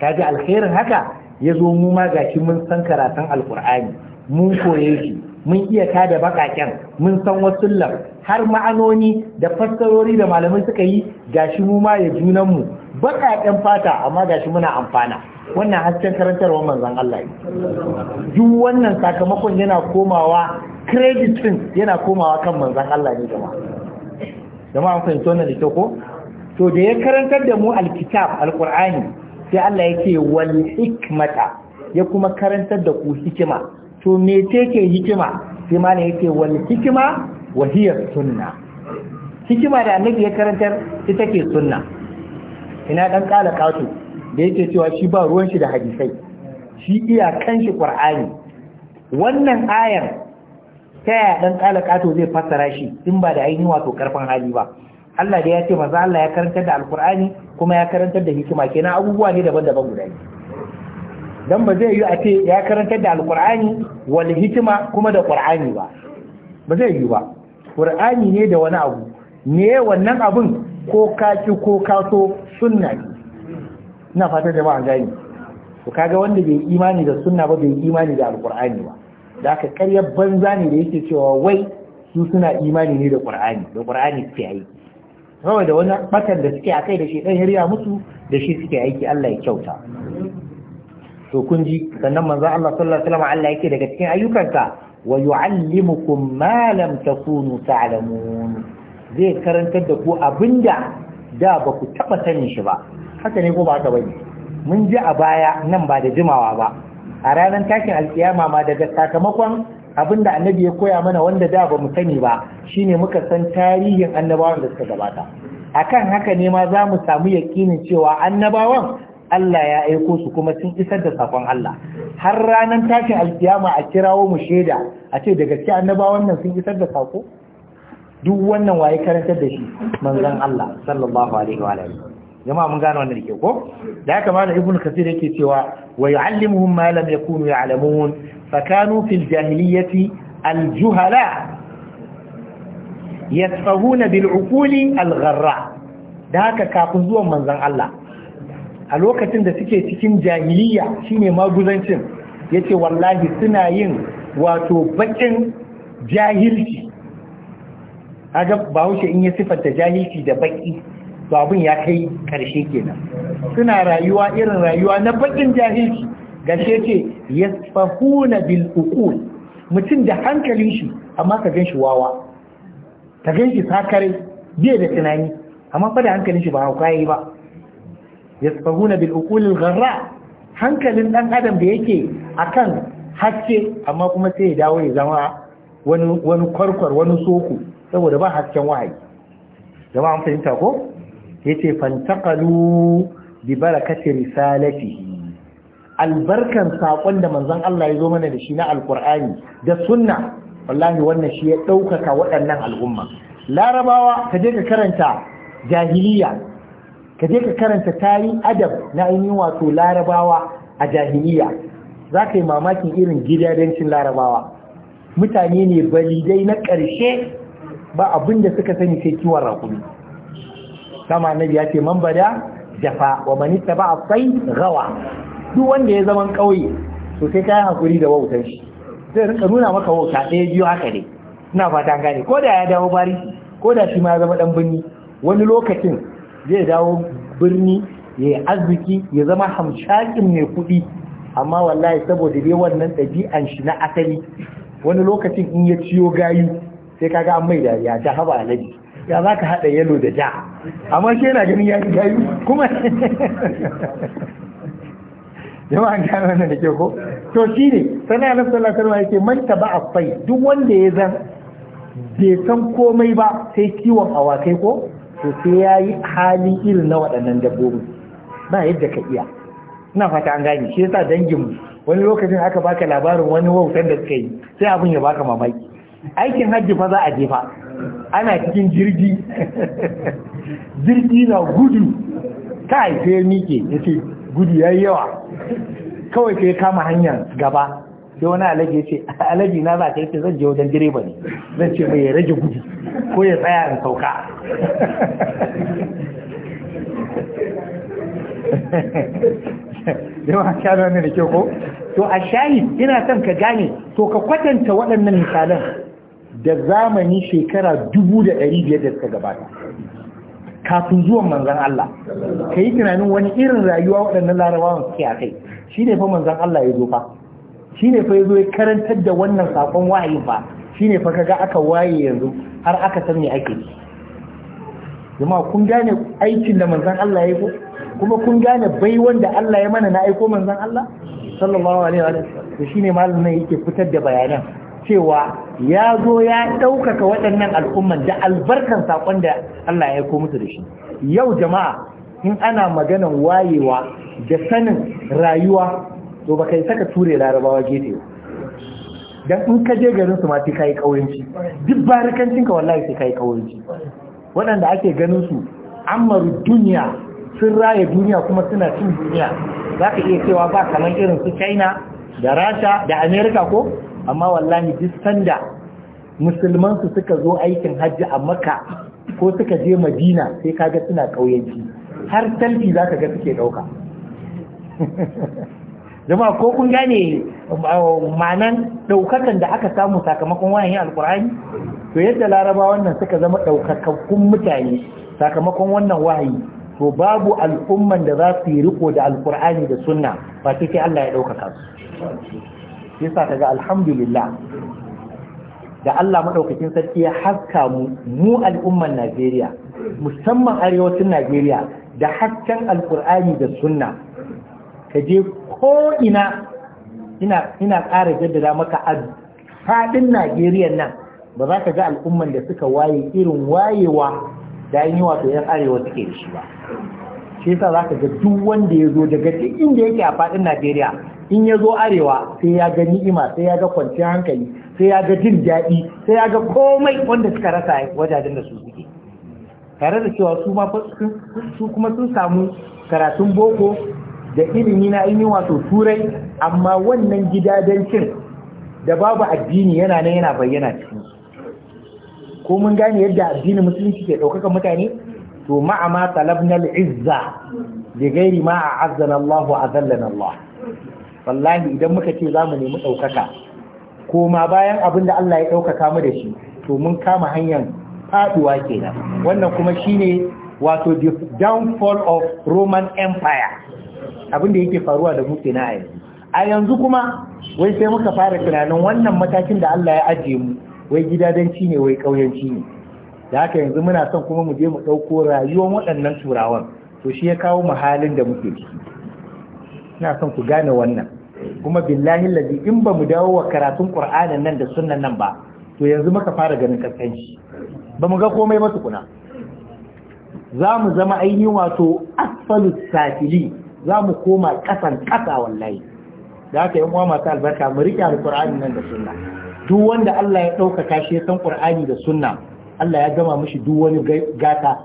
kaji alkhairin haka ya zo mu ma gashi mun san karatun alqur'ani mun koye shi mun iya tada bakaken mun san wasu lam har ma'anoni da fassarori da malamai suka yi gashi mu ma ya junan mu bakaken fata amma gashi muna amfana wannan hasken karantarwar manzon Allah yi. duk wannan sakamakon yana komawa credit din yana komawa kan manzon Allah ne jama'a jama'a an fahimci wannan da kyau ko to da ya karantar da mu alkitab alqur'ani sai Allah yake wal hikmata ya kuma karantar da ku hikima to me ce ke hikima sai ma ne yake wal hikima wa hiya sunna hikima da annabi ya karantar ita ke sunna ina dan kala katu da yake cewa shi ba ruwan shi da hadisai shi iya kan shi qur'ani wannan ayar ta yaya dan kala katu zai fassara shi in ba da ainihin wato karfin hali ba Allah da ya ce maza Allah ya karantar da alkur'ani kuma ya karantar da hikima kenan abubuwa ne daban-daban guda biyu dan ba zai yi a ce ya karantar da alqur'ani wal hikima kuma da Ƙur'ani ba ba zai yi ba ƙur'ani ne da wani abu ne wannan abun ko ka ki ko ka so sunna ne ina fata jama'a gani to kaga wanda bai imani da sunna ba bai imani da alqur'ani ba da aka karyar banza ne da yake cewa wai su suna imani ne da qur'ani da qur'ani suke kawai da wani matan da suke akai da shi dan yarya musu da shi suke aiki Allah ya kyauta to kun ji sannan manzon Allah sallallahu alaihi wasallam Allah yake daga cikin ayyukansa wa yu'allimukum ma lam takunu ta'lamun zai karantar da ku abinda da ba ku taba sanin shi ba haka ne ko ba haka bane mun ji a baya nan ba da jimawa ba a ranar takin alkiyama ma daga sakamakon abinda annabi ya koya mana wanda da ba mu sani ba shine muka san tarihin annabawan da suka gabata akan haka ne ma za mu samu yakinin cewa annabawan Allah ya aiko su kuma sun isar da sakon Allah har ranar tashin alkiyama a kirawo mu shaida a ce daga gaske annabawan nan sun isar da sako duk wannan waye karantar da shi manzon Allah sallallahu alaihi wa alihi jama'a mun gane wannan dake ko da haka malam ibnu kasir yake cewa wa yu'allimuhum ma lam yakunu ya'lamun fa kanu fil jahiliyyati al juhala yasfahuna bil uquli al gharra da haka kafin zuwan manzon Allah a lokacin da suke cikin jahiliya shine maguzancin yace wallahi suna yin wato bakin jahilci kaga bahaushe in ya sifanta jahilci da baki to ya kai karshe kenan suna rayuwa irin rayuwa na bakin jahilci gashe ce yasfahuna bil uqul mutum da hankalin shi amma ka gan shi wawa ka gan shi sakare bai da tunani amma fa da hankalin shi ba hauka yi ba yasfahuna bil uqulil gharra hankalin dan adam da yake akan haske amma kuma sai ya dawo ya zama wani wani kwarkwar wani soko saboda ba hasken wahayi jama'a an fahimta ko yace fantaqalu bi barakati risalatihi albarkan sakon da manzon Allah ya zo mana da shi na alqur'ani da sunna wallahi wannan shi ya daukaka waɗannan al'umma larabawa ka je ka karanta jahiliya ka je ka karanta tari adab na ainihin wato larabawa a jahiliya za ka yi mamakin irin gidadancin larabawa mutane ne balidai na ƙarshe ba abin da suka sani sai kiwon rakumi sama na ya ce man bada jafa wa manista ba a sai gawa duk wanda ya zama ƙauye to sai kayan hakuri da wautar shi zai rinka nuna maka wauta ɗaya biyu haka ne ina fata gane ko da ya dawo bari ko da shi ma ya zama ɗan birni wani lokacin zai dawo birni ya yi arziki ya zama hamshakin mai kuɗi amma wallahi saboda dai wannan ɗabi'an shi na asali wani lokacin in ya ciyo gayu sai kaga an mai dariya ta haba alaji ya za ka haɗa yalo da ja amma shi yana ganin ya gayu kuma jama'a an gano wannan da ke ko to shi ne sana na sallallahu alaihi yake man taba afai duk wanda ya zan bai san komai ba sai kiwon awakai ko to sai ya yi hali irin na waɗannan dabbobin. ba yadda ka iya ina fata an gane shi yasa dangin danginmu wani lokacin aka baka labarin wani wautan da suka yi sai abin ya baka mamaki aikin hajji fa za a je fa ana cikin jirgi jirgi na gudu ka haife mike ya ce gudu ya yi yawa kawai sai kama hanyar gaba sai wani alaji ya ce ah, alaji na ba ka yi zan je wajen direba ne zan ce mai ya rage gudu ko ya tsaya in sauka Yau a shanu wannan da ke ko to a shayi ina son ka gane to ka kwatanta waɗannan misalan da zamani shekara dubu da ɗari biyar da suka gabata kafin zuwan manzan Allah ka yi tunanin wani irin rayuwa waɗannan larabawan suke a kai shi ne fa manzan Allah ya zo fa ne fa zo ya karantar da wannan sakon wahayi fa ne fa kaga aka waye yanzu har aka san me ake jama'a kun gane aikin da manzon Allah ya yi kuma kun gane bai wanda Allah ya mana na aiko manzon Allah sallallahu alaihi wa sallam ne malamin nan yake fitar da bayanan cewa ya zo ya ɗaukaka waɗannan al'umman da albarkan saƙon da Allah ya aiko musu da shi yau jama'a in ana maganan wayewa da sanin rayuwa to ba kai saka ture larabawa gefe dan in ka je garin su ma sai kai kauyanci duk barakancin ka wallahi sai kai waɗanda ake ganin su amaru duniya sun raye duniya kuma suna cin duniya za ka iya cewa ba kamar irin su china da rasha da america ko amma wallahi duk sanda musulman su suka zo aikin hajji a makka ko suka je madina sai kaga suna kauyanci har talfi za ka ga suke ɗauka Zama ko kun gane uh, ma'anan ɗaukakan da aka samu sakamakon wayan alkur'ani to yadda larabawa nan suka zama ɗaukakakkun mutane sakamakon wannan wahayi to babu al'umman da za su yi riko da alkur'ani da sunna ba sai Allah ya ɗaukaka su yasa kaga alhamdulillah da Allah maɗaukakin sarki ya haska mu mu al'umman Najeriya musamman arewacin Najeriya da hasken alkur'ani da sunna ka je ko'ina ina ƙara jaddada maka a faɗin najeriya nan ba za ka ga al'umman da suka waye irin wayewa da yi wato yan arewa suke da shi ba shi yasa za ka ga duk wanda ya zo daga duk inda yake a faɗin najeriya in ya zo arewa sai ya ga ni'ima sai ya ga kwanciyar hankali sai ya ga jin daɗi sai ya ga komai wanda suka rasa wajajen da su suke tare da cewa su ma su kuma sun samu karatun boko da ilimi na ainihin wato turai amma wannan gidadancin da babu addini yana nan yana bayyana cikin ko mun gane yadda addinin musulunci ke ɗaukaka mutane to ma'a ma talabnal izza bi gairi ma a Allahu azallana Allah wallahi idan muka ce za mu nemi ɗaukaka ko ma bayan abin da Allah ya ɗaukaka mu da shi to mun kama hanyar faɗuwa kenan wannan kuma shine wato the downfall of Roman Empire abin da yake faruwa da mu na a yanzu a yanzu kuma wai sai muka fara tunanin wannan matakin da Allah ya ajiye mu wai gidadanci ne wai ƙauyanci ne da haka yanzu muna son kuma mu je mu ɗauko rayuwar waɗannan turawan to shi ya kawo mu halin da muke ciki ina son ku gane wannan kuma billahi lazi in ba mu dawo wa karatun qur'anin nan da sunnan nan ba to yanzu muka fara ganin kaskanci ba mu ga komai ba tukuna za mu zama ainihin wato asfalu safili za mu koma ƙasan ƙasa wallahi da haka yan uwa masu albarka mu riƙe alƙur'ani nan da sunna duk wanda Allah ya ɗaukaka shi ya san ƙur'ani da sunna Allah ya gama mishi duk wani gata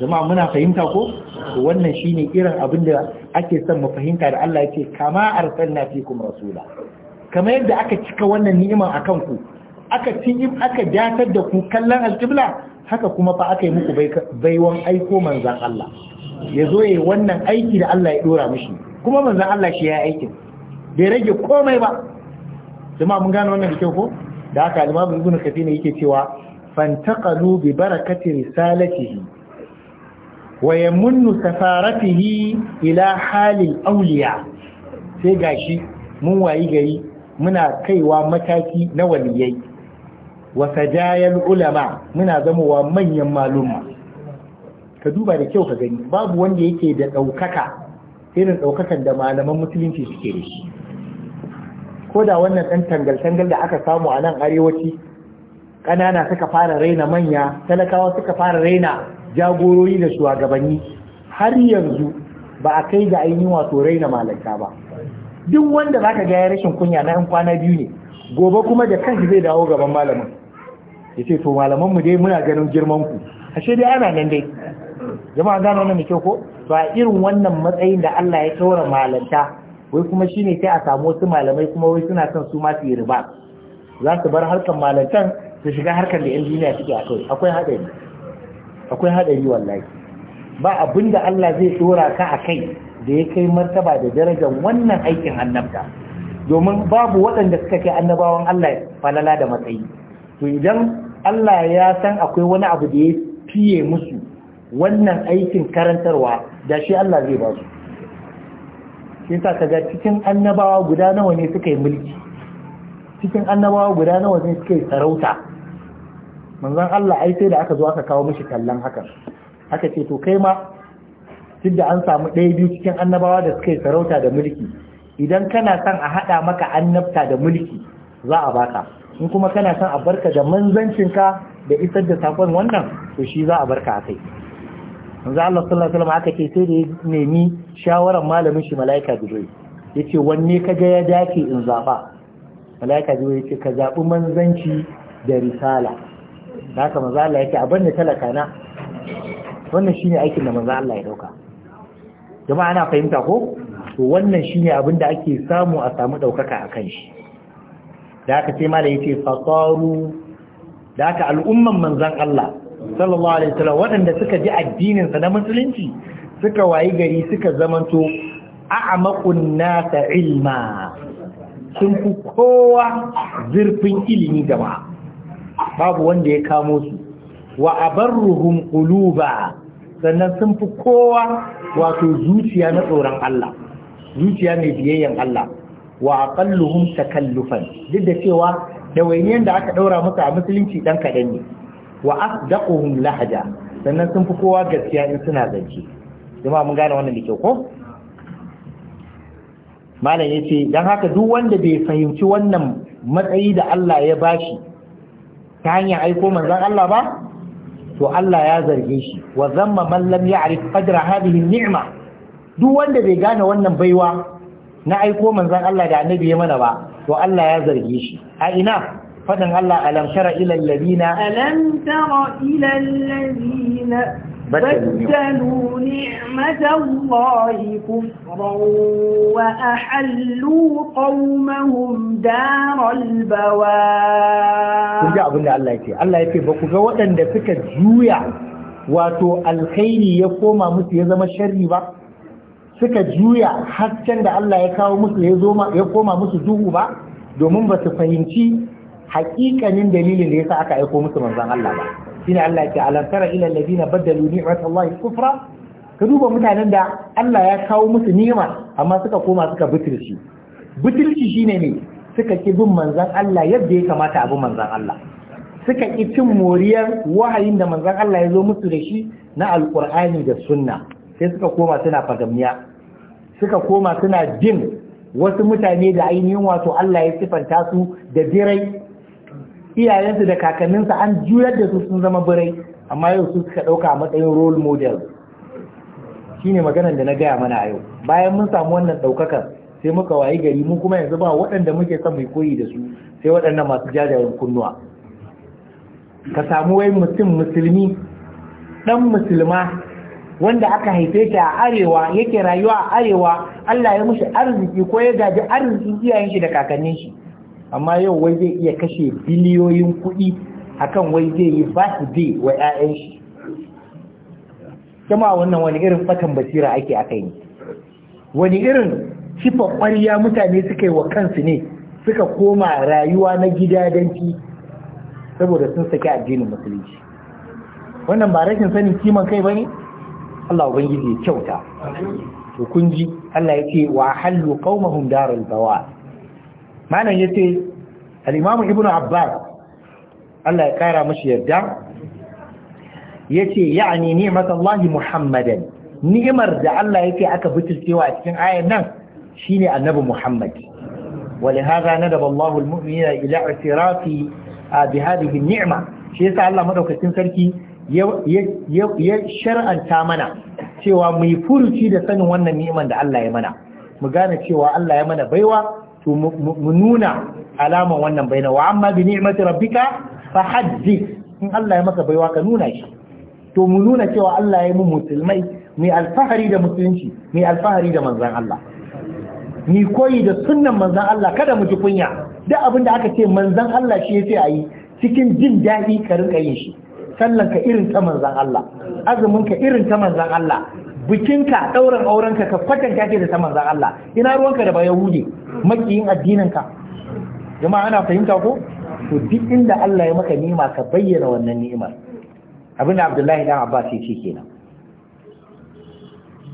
Zama muna fahimta ko wannan shine irin abin da ake son mu fahimta da Allah yake kama arsalna fikum rasula kamar yadda aka cika wannan ni'iman akan ku aka cikin aka datar da ku kallon alƙibla haka kuma fa aka yi muku baiwan aiko manzon Allah ya zo ya wannan aiki da Allah ya dora mishi kuma manzan Allah shi ya aikin bai rage komai ba jama'a mun gano wannan da kyau ko da haka al-Imam kafi ne yake cewa fantaqalu bi barakati risalatihi wa yamunnu safaratihi ila halil awliya sai gashi mun wayi gari muna kaiwa mataki na waliyai wa sajayal ulama muna zamowa manyan maluma ka duba da kyau ka gani babu wanda yake da ɗaukaka irin ɗaukakan da malaman musulunci suke da shi ko da wannan ɗan tangal-tangal da aka samu a nan arewaci ƙanana suka fara raina manya talakawa suka fara raina jagorori da shugabanni har yanzu ba a kai ga ainihin wato raina malaka ba duk wanda zaka ga ya rashin kunya na yan kwana biyu ne gobe kuma da kanshi zai dawo gaban malamin ya ce to malaman mu dai muna ganin girman ku ashe dai ana nan dai jama'a gano wannan mai kyau ko to a irin wannan matsayin da Allah ya tsora malanta wai kuma shine sai a samu wasu malamai kuma wai suna son su ma su yi riba za su bar harkar malantan su shiga harkar da yan duniya suke akai akwai hadari akwai hadari wallahi ba abin da Allah zai tsora ka a kai da ya kai martaba da darajar wannan aikin annabta domin babu waɗanda suka kai annabawan Allah falala da matsayi to idan Allah ya san akwai wani abu da ya fiye musu wannan aikin karantarwa da shi Allah zai ba su shi sa kaga cikin annabawa guda nawa ne suka yi mulki cikin annabawa guda nawa ne suka yi sarauta manzon Allah ai sai da aka zo aka kawo mishi kallon hakan aka ce to kai ma duk da an samu ɗaya biyu cikin annabawa da suka yi sarauta da mulki idan kana son a haɗa maka annabta da mulki za a baka in kuma kana son a barka da manzancinka da isar da sakon wannan to shi za a barka a kai yanzu Allah sallallahu alaihi wasallam aka sai da ya nemi shawaran malamin shi malaika Jibril yace wanne ga ya dace in zaba malaika Jibril yace ka zabi manzanci da risala haka manzo Allah yake abin da talaka na wannan shine aikin da manzo Allah ya dauka jama'a ana fahimta ko to wannan shine abin da ake samu a samu daukaka akan shi da aka ce malai yace faqaru da aka al'umman manzon Allah sallallahu alaihi wasallam waɗanda suka ji addinin sa na musulunci suka wayi gari suka zamanto a'maqun nasa ilma sun fi kowa zurfin ilimi jama'a babu wanda ya kamo su wa abarruhum quluba sannan sun fi kowa wato zuciya na tsoron Allah zuciya mai biyayyan Allah wa aqalluhum takallufan duk da cewa dawainiyan da aka daura musu a musulunci dan kadan ne wa asdaquhum lahaja sannan sun fi kowa gaskiya in suna zance jama'a mun gane wannan da kyau ko malam yace dan haka duk wanda bai fahimci wannan matsayi da Allah ya bashi ta hanyar aiko manzon Allah ba to Allah ya zarge shi wa zamma man lam ya'rif qadra hadhihi ni'ma duk wanda bai gane wannan baiwa na aiko manzon Allah da annabi ya mana ba to Allah ya zarge shi a ina fadin Allah alam tara ila alladina alam tara ila alladina بدلوا نعمة الله كفرا وأحلوا قومهم دار البوار كنت أقول الله يتي الله يتي ga وطن دفك juya wato alkhairi ya koma musu ya zama sharri ba suka juya hasken da Allah ya kawo musu ya koma musu duhu ba domin ba su fahimci haƙiƙanin dalilin da yasa aka aiko musu manzon Allah ba shine Allah yake alam tara ila alladhina badalu ni'matallahi kufra ka duba mutanen da Allah ya kawo musu ni'ima amma suka koma suka butulci butulci shine ne suka ki bin manzon Allah yadda ya kamata a bi manzon Allah suka ki cin moriyar wahayin da manzon Allah ya zo musu da shi na alqur'ani da sunna sai suka koma suna fagamniya suka koma suna jin wasu mutane da ainihin wato Allah ya sifanta su da dirai. iyayensu da kakanninsa an juyar da su sun zama birai amma yau su suka ɗauka a matsayin role model ne maganar da na gaya mana a yau bayan mun samu wannan ɗaukakar sai muka wayi gari mu kuma yanzu ba waɗanda muke son mai koyi da su sai waɗannan masu jajayen kunnuwa ka samu wai mutum musulmi ɗan musulma wanda aka haife shi a arewa yake rayuwa a arewa Allah ya mushi arziki ko ya gaji arzikin iyayen shi da kakannin shi amma yau wai zai iya kashe biliyoyin kuɗi akan wai zai yi dai wa 'ya'yan shi kama wannan wani irin fatan basira ake a kai wani irin kifa ƙwarya mutane suka yi wa kansu ne suka koma rayuwa na gida gidadanci saboda sun saki addinin musulunci wannan ba rashin sanin kiman kai ba ne? Allah ubangiji ya kyauta to kun ji Allah yake wa hallu qaumahum daral bawa malam ya ce imam ibnu abbas Allah ya kara mashi yarda yace ya'ni ni'matallahi muhammadan ni'imar da Allah yake aka butulcewa a cikin ayan nan shine annabi muhammad ولهذا ندب الله المؤمنين الى اعترافه بهذه ni'ima? shi yasa Allah madaukakin sarki ya shar'anta mana cewa mu yi furuci da sanin wannan ni'imar da Allah ya mana mu gane cewa Allah ya mana baiwa to mu nuna alaman wannan baina wa amma bi ni'mati rabbika fa haddi in Allah ya maka baiwa ka nuna shi to mu nuna cewa Allah ya mu musulmai mai alfahari da musulunci mai alfahari da manzon Allah ni koyi da sunnan manzon Allah kada mu ji kunya duk abin da aka ce manzon Allah shi yake ayi cikin jin daɗi ka rinka yin shi sallan ka irin ta manzon Allah azumin ka irin ta manzon Allah bikinka ɗaurin aurenka ka kwatanta ke da ta manzan Allah ina ruwanka da ba yahudi makiyin addininka jama'a ana fahimta ko to duk inda Allah ya maka ni'ima ka bayyana wannan ni'imar abin Abdullahi dan Abbas ya ce kenan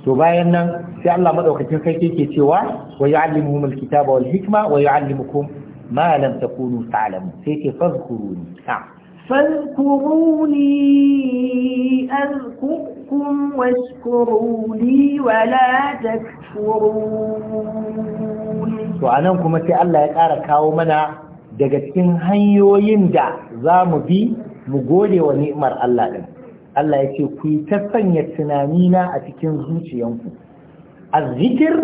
to bayan nan sai Allah madaukakin sarki ke cewa wa ya'allimuhumul kitaba wal hikma wa ya'allimukum ma lam takunu ta'lamun sai ke fazkuruni na'am فاذكروني أذكركم واشكروا لي ولا تكفرون sai Allah ya ƙara kawo mana daga cikin hanyoyin da za mu bi mu gode wa ni'imar Allah ɗin. Allah ya ce ku yi ta sanya tunanina a cikin zuciyanku. A zikir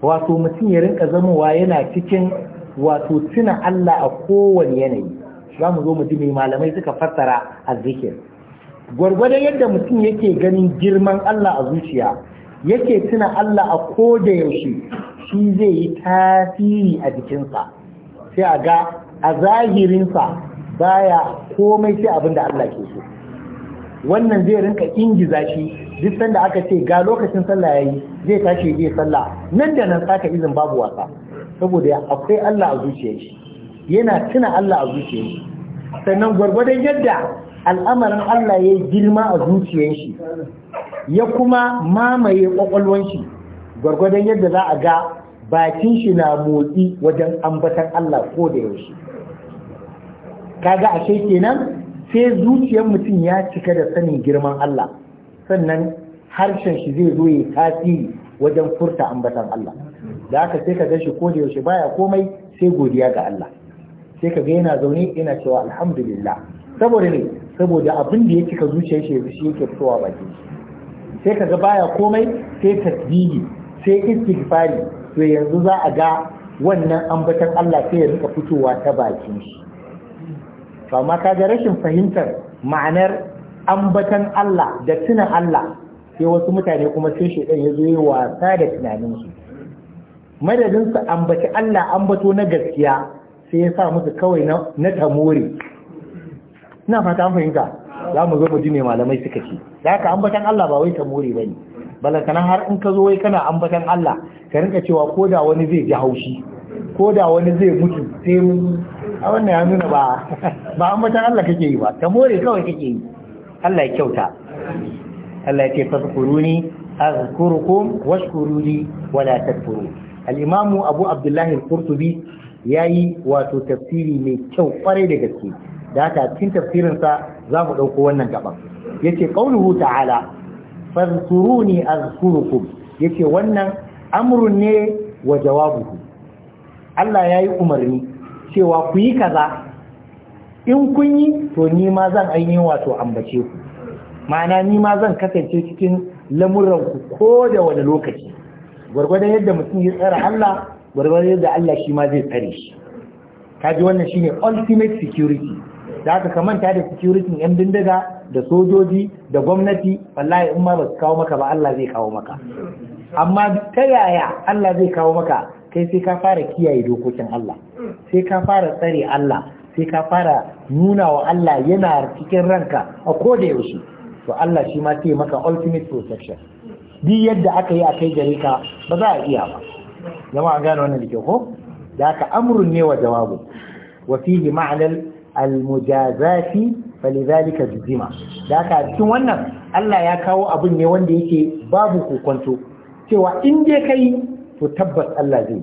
wato mutum ya rinka zamowa yana cikin wato tuna Allah a kowane yanayi. za mu zo mu ji mai malamai suka fassara a zikir gwargwadon yadda mutum yake ganin girman Allah a zuciya yake tuna Allah a koda yaushe shi zai yi tasiri a jikinsa sai a ga a zahirinsa baya komai sai abin da Allah ke so wannan zai rinka ingiza shi duk sanda aka ce ga lokacin sallah yayi zai tashi zai sallah nan da nan saka izin babu wasa saboda akwai Allah a zuciyar shi yana tuna Allah a zuciyarsa sannan gwargwadon yadda al'amarin Allah ya girma a zuciyar shi ya kuma mamaye kwakwalwan shi gwargwadon yadda za a ga bakin shi na motsi wajen ambatan Allah ko da yaushe kaga ashe kenan sai zuciyar mutum ya cika da sanin girman Allah sannan harshen shi zai zo ya tasiri wajen furta ambatan Allah da haka sai ka gashi shi ko da yaushe baya komai sai godiya ga Allah sai ka ga yana zaune yana cewa alhamdulillah saboda ne saboda abin da ya cika zuciyar shi shi yake fitowa baki sai ka ga baya komai sai tasbihi sai istighfari to yanzu za a ga wannan ambatan Allah sai ya rika fitowa ta bakin shi to amma ka ga rashin fahimtar ma'anar ambatan Allah da tunan Allah sai wasu mutane kuma sai shaidan ya zo yi wasa da tunaninsu madadin su ambaci Allah ambato na gaskiya sai ya sa musu kawai na tamori na fata an fahimta za mu zo mu ji mai malamai suka ce Za ka ambatan Allah ba wai tamori Bala balantana har in ka zo wai kana ambatan Allah ka rinka cewa ko da wani zai ji haushi ko da wani zai mutu sai a wannan ya nuna ba ba ambatan Allah kake yi ba tamori kawai kake yi Allah ya kyauta Allah ya ce fadkuruni azkurukum washkuruni wala tadkurun al-imamu Abu Abdullah al-Qurtubi ya yi wato tafsiri mai kyau kwarai da gaske da haka cikin tafsirinsa za mu ɗauko wannan gaban ya ce ƙaunuhu ta'ala a azkurukum ya ce wannan amurin ne wa jawabu Allah ya yi umarni cewa ku yi kaza in kun yi to ni ma zan ainihin wato ambace ku ma'ana ni ma zan kasance cikin lamuranku ko da wani lokaci gwargwadon yadda mutum ya tsara Allah warware yadda Allah shi ma zai tsare shi kaji wannan shine ultimate security da aka ka manta da security yan bindiga da sojoji da gwamnati wallahi in ma ba su kawo maka ba Allah zai kawo maka amma ta yaya Allah zai kawo maka kai sai ka fara kiyaye dokokin Allah sai ka fara tsare Allah sai ka fara nuna wa Allah yana cikin ranka a da yaushe to Allah shi ma sai maka ultimate protection Bi yadda aka yi a kai gare ka ba za a iya ba zama an gane wannan da ke ko da aka amrun ne wa jawabu wa fihi ma'anar almujazafi falizalika jizima da aka cikin wannan Allah ya kawo abun ne wanda yake babu kokonto cewa in je kai to tabbas Allah zai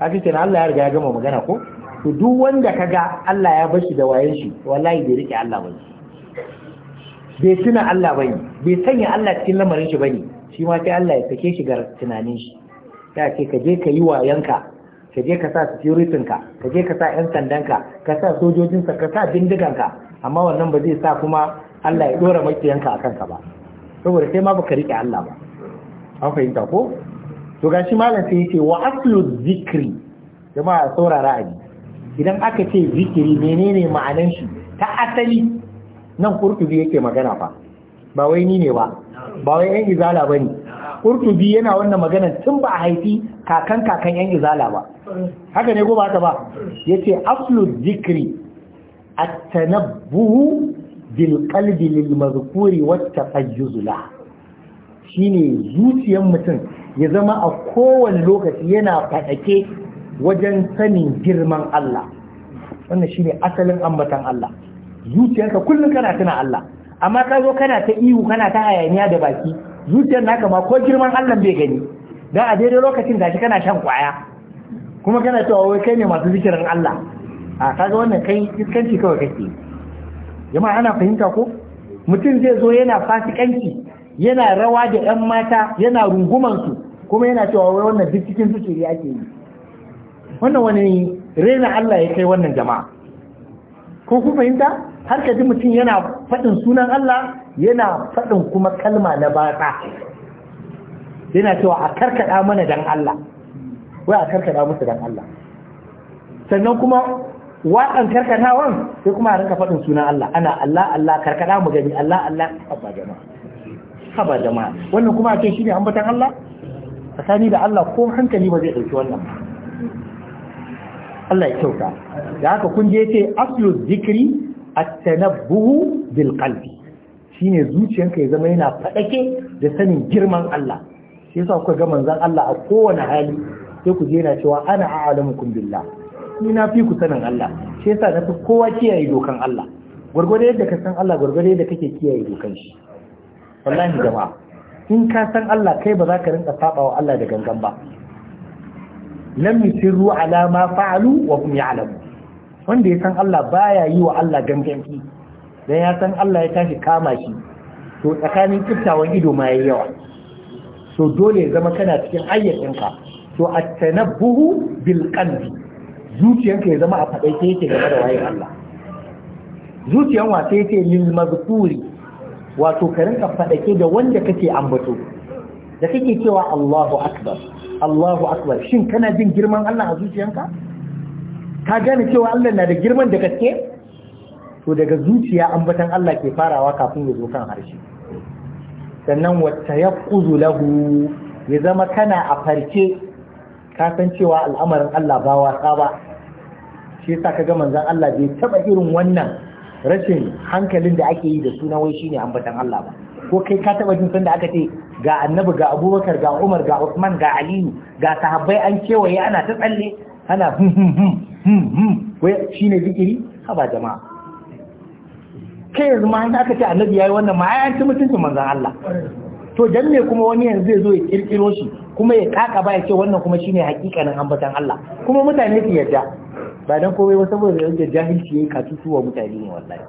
haka na Allah ya riga ya gama magana ko to duk wanda kaga Allah ya bashi da wayen shi wallahi bai rike Allah ba bai tuna Allah ba bai sanya Allah cikin lamarin shi bane shi ma sai Allah ya sake shi ga tunanin shi ta ce ka je ka yi yanka, ka je ka sa security ka ka je ka sa yan sandanka ka sa sojojinsa ka sa bindiganka amma wannan ba zai sa kuma Allah ya dora makiyanka a kanka ba saboda sai ma baka rike Allah ba an fahimta ko to gashi malam sai yace wa aslu zikri jama'a saurara abi idan aka ce zikiri menene ma'anan shi ta asali nan kurtubi yake magana fa ba wai ni ne ba ba wai yan izala bane kurtubi yana wannan magana tun ba a haifi kakan kakan yan izala ba haka ne ko ba ta ba yace aflu zikri at-tanabbuhu bil qalbi lil mazkuri wat tafajjuz shine zuciyar mutum ya zama a kowane lokaci yana faɗake wajen sanin girman Allah wannan shine asalin ambatan Allah zuciyarka kullum kana tuna Allah amma ka zo kana ta ihu kana ta hayaniya da baki zuciyar naka ma ko girman Allah bai gani dan a daidai lokacin da gashi kana shan kwaya kuma kana cewa wai kai ne masu zikirin Allah a kaga wannan kai iskanci kawai kake jama'a ana fahimta ko mutum zai zo yana fasikanci yana rawa da yan mata yana runguman su kuma yana cewa wai wannan duk cikin zuciya yake yi wannan wani rena Allah ya kai wannan jama'a ko ku fahimta har ka ji mutum yana faɗin sunan Allah yana faɗin kuma kalma na baƙa, yana cewa a karkada mana don Allah wai a karkada musu don Allah sannan kuma waɗan karkadawan sai kuma a rinka faɗin sunan Allah ana Allah Allah karkada mu gani Allah Allah haba jama'a haba jama'a wannan kuma a ce ne ambatan Allah tsakani da Allah ko hankali ba zai ɗauki wannan ba Allah ya kyauta da haka kun je ce aslu zikri at-tanabbuhu bil qalbi shine zuciyanka ya zama yana faɗake da sanin girman Allah shi yasa kuka ga manzon Allah a kowane hali sai ku je yana cewa ana a'lamukum billah ni na fi ku sanin Allah shi yasa na fi kowa kiyaye dokan Allah gurgurde yadda ka san Allah gurgurde yadda kake kiyaye dokan shi wallahi jama'a in ka san Allah kai ba za ka rinka saba wa Allah da gangan ba lam yusirru ala ma fa'alu wa hum alamu. wanda ya san Allah baya yi wa Allah ganganci don ya san Allah ya tashi kama shi to tsakanin kiftawan ido ma ya yawa so dole ya zama kana cikin ayyacinka to a tanabbuhu bil qalbi zuciyanka ya zama a faɗai sai yake game da wayin Allah zuciyan wa sai yake lil mazkuri wato ka rinka faɗake da wanda kake ambato da kake cewa Allahu akbar Allahu akbar shin kana jin girman Allah a zuciyanka ka gane cewa Allah na da girman da gaske to daga zuciya ambatan Allah ke farawa kafin ya zo kan harshe sannan wata ya lahu ya zama kana a farke kasan cewa al'amarin Allah ba wasa ba shi yasa kaga manzon Allah bai taba irin wannan rashin hankalin da ake yi da suna wai shine ambatan Allah ba ko kai ka taba jin sanda aka ce ga annabi ga abubakar ga umar ga usman ga aliyu ga sahabbai an kewaye ana ta tsalle ana hum hum hum hum wai shine zikiri haba jama'a kai yanzu ma aka ce annabi yayi wannan ma ai an ci mutuncin manzon Allah to dan ne kuma wani yanzu zai zo ya kirkiro shi kuma ya kaka ba ya ce wannan kuma shine hakikanin ambatan Allah kuma mutane su yarda ba dan komai ba saboda yanzu jahilci yayi katutu wa mutane ne wallahi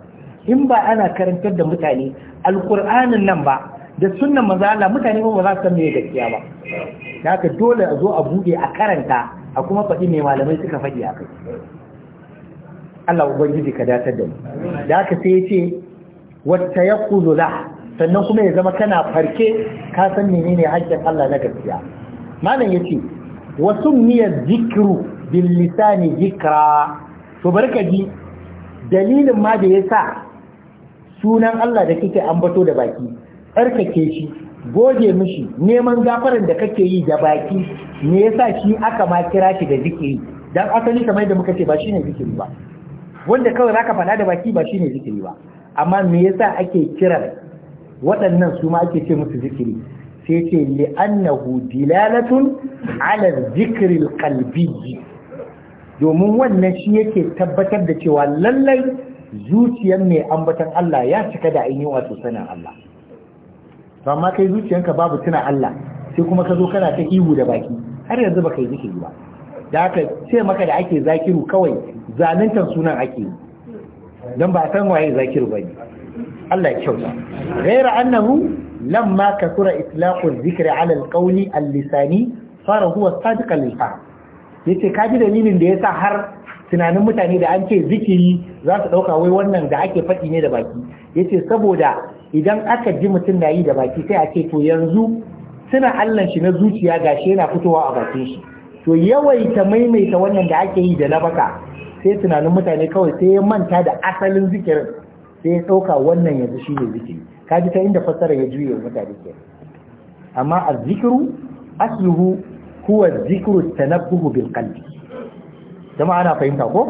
in ba ana karantar da mutane alqur'anin nan ba da sunan manzo Allah mutane ba za su san me gaskiya ba da haka dole a zo a buɗe a karanta a kuma faɗi me malamai suka faɗi a kai Allah ubangiji ka datar da mu da haka sai ya ce wata ya la sannan kuma ya zama kana farke ka san menene haƙƙin Allah na gaskiya malam ya ce, wasu miyar zikiru bil lisani zikira, to barka ji dalilin ma da ya sa sunan Allah da kike ambato da baki tsarkake shi goge mishi neman gafaran da kake yi da baki me yasa shi aka ma kira shi da zikiri dan asali kamar da muka ce ba shi ne zikiri ba wanda kawai zaka faɗa da baki ba shine zikiri ba amma me yasa ake kiran waɗannan su ma ake ce musu zikiri sai ce li'annahu dilalatun ala zikril qalbi domin wannan shi yake tabbatar da cewa lallai zuciyar mai ambatan Allah ya cika da ainihin wato sanin Allah to amma kai zuciyarka babu tuna Allah sai kuma ka zo kana ta ihu da baki har yanzu baka yi zikiri ba da haka ce maka da ake zakiru kawai zaluntar sunan ake yi don ba san waye zakir ba ne Allah ya kyauta ghaira annahu lamma kasura itlaqu dhikri ala alqawli al fara huwa sadiq al-fahm yace kaji dalilin da yasa har tunanin mutane da an ce zikiri za su dauka wai wannan da ake faɗi ne da baki yace saboda idan aka ji mutum na yi da baki sai a ce to yanzu suna Allah shi na zuciya gashi yana fitowa a bakin shi to yawaita maimaita wannan da ake yi da na baka sai tunanin mutane kawai sai ya manta da asalin zikirin sai ya ɗauka wannan yanzu shi ne zikiri kaji ta inda fassara ya juye mutane ke amma a zikiru asluhu huwa zikiru tanabbuhu bil qalbi jama'a ana fahimta ko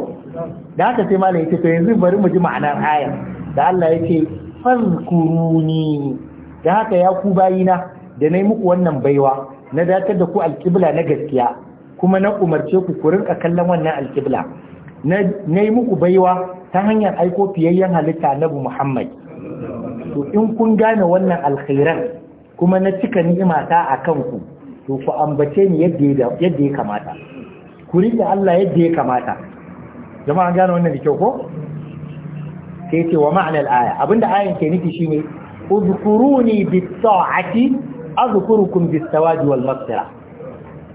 da haka sai malam yace to yanzu bari mu ji ma'anar ayar da Allah yake fazkuruni da haka ya ku bayina da nayi muku wannan baiwa na dakatar da ku alkibla na gaskiya kuma na umarce ku ku rinka kallon wannan alkibla na yi muku baiwa ta hanyar aiko fiyayyen halitta bu Muhammad to in kun gane wannan alkhairan kuma na cika ni'imata a kanku to ku ambace ni yadda ya kamata ku riƙe Allah yadda ya kamata jama'a gane wannan da kyau ko sai ce wa ma'anar aya abinda ayan ke nufi shine uzkuruni bis-sa'ati azkurukum bis-sawaji wal-maghfira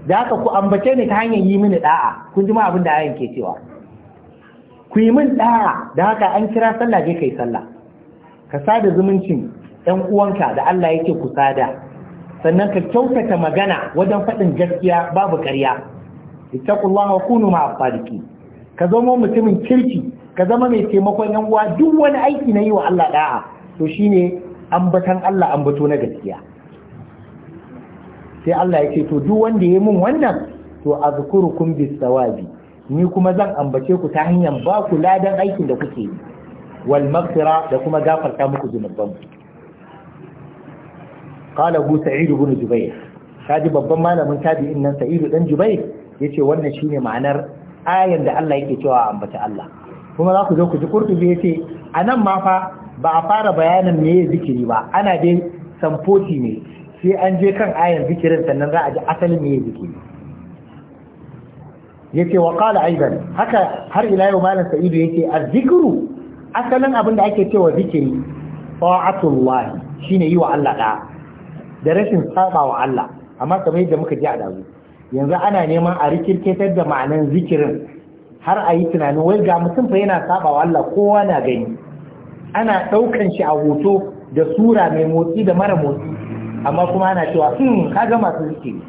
da haka ku ambace ni ta hanyar yi mini da'a kun ji ma abinda ayan ke cewa ku yi min ɗaya da haka an kira sallah je kai sallah ka sada zumuncin ɗan uwanka da Allah yake ku sada sannan ka kyautata magana wajen faɗin gaskiya babu ƙarya ittaqullaha wa kunu ma'a sadiqin ka zama mutumin kirki ka zama mai taimakon yan uwa duk wani aiki na yi wa Allah da'a to shine ambatan Allah ambato na gaskiya sai Allah ya ce to duk wanda ya yi min wannan to azkurukum bis sawabi ni kuma zan ambace ku ta hanyar ba ku ladan aikin da kuke yi wal maghfira da kuma gafarta muku zunuban qala bu sa'id ibn jubayr kaji babban malamin tabi'in nan sa'id dan jubayr yace wannan shine ma'anar ayar da Allah yake cewa ambata Allah kuma za ku zo ku ji kurtubi yace anan ma fa ba a fara bayanin yake zikiri ba ana dai samfoti ne sai an je kan ayan zikirin sannan za a ji asalin me yake zikiri yake wa qala aidan haka har ila yau malam sa'idu yake azzikru asalin abin da ake cewa zikiri ta'atullah shine yi wa Allah da da rashin saba wa Allah amma kamar yadda muka ji a dawo yanzu ana neman a rikirketar da ma'anan zikirin har a yi tunanin wai ga mutum fa yana saba wa Allah kowa na gani ana ɗaukan shi a hoto da sura mai motsi da mara motsi amma kuma ana cewa hmm ga masu zikiri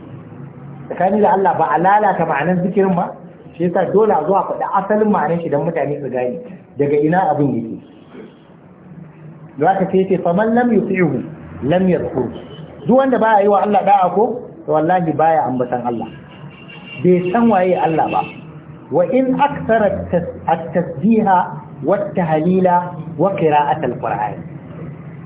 tsakani da Allah ba a lalata ma'anar zikirin ba shi yasa dole a zuwa faɗi asalin ma'anar shi don mutane su gane daga ina abin yake za ka ce ce faman lam yusihu lam yadhkur duk wanda ba yi wa Allah da'a ko to wallahi baya ambatan Allah bai san waye Allah ba wa in aktsara at-tasbiha wa at-tahlila wa qira'at al-qur'an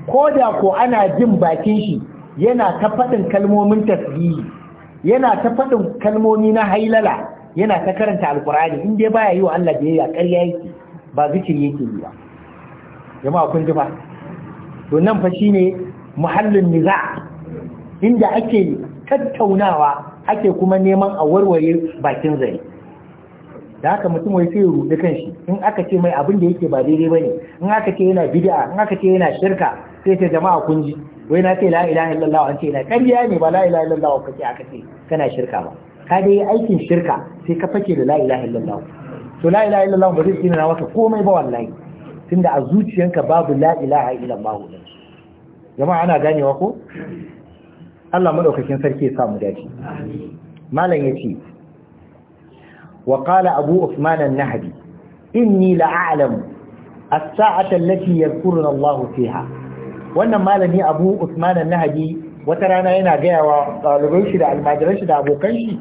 ko da ko ana jin bakin shi yana ta faɗin kalmomin tasbihi yana ta faɗin kalmomi na hailala yana ta karanta alkur'ani in dai baya yi wa Allah biyayya ƙarya yake ba zikiri yake yi ba jama'a kun ji ba to nan fa shine muhallin niza inda ake tattaunawa ake kuma neman a warware bakin zai da haka mutum wai sai ruɗe kanshi in aka ce mai abin da yake ba daidai bane in aka ce yana bid'a in aka ce yana shirka sai ce jama'a kun ji wai na ce la ilaha illallah an ce la ƙarya ne ba la ilaha illallah ka ce aka ce kana shirka ba ka dai aikin shirka sai ka fake da la ilaha illallah to la ilaha illallah ba zai tsina maka komai ba wallahi tunda a zuciyanka babu la ilaha illallah din jama'a ana ganewa ko Allah madaukakin sarki ya samu dace malam yace wa qala abu usman an-nahdi inni la a'lamu as-sa'ata allati yadhkuruna Allah fiha wannan malami abu usman al-nahabi wata rana yana gaya wa ɗaliban shi da almajiran shi da abokan shi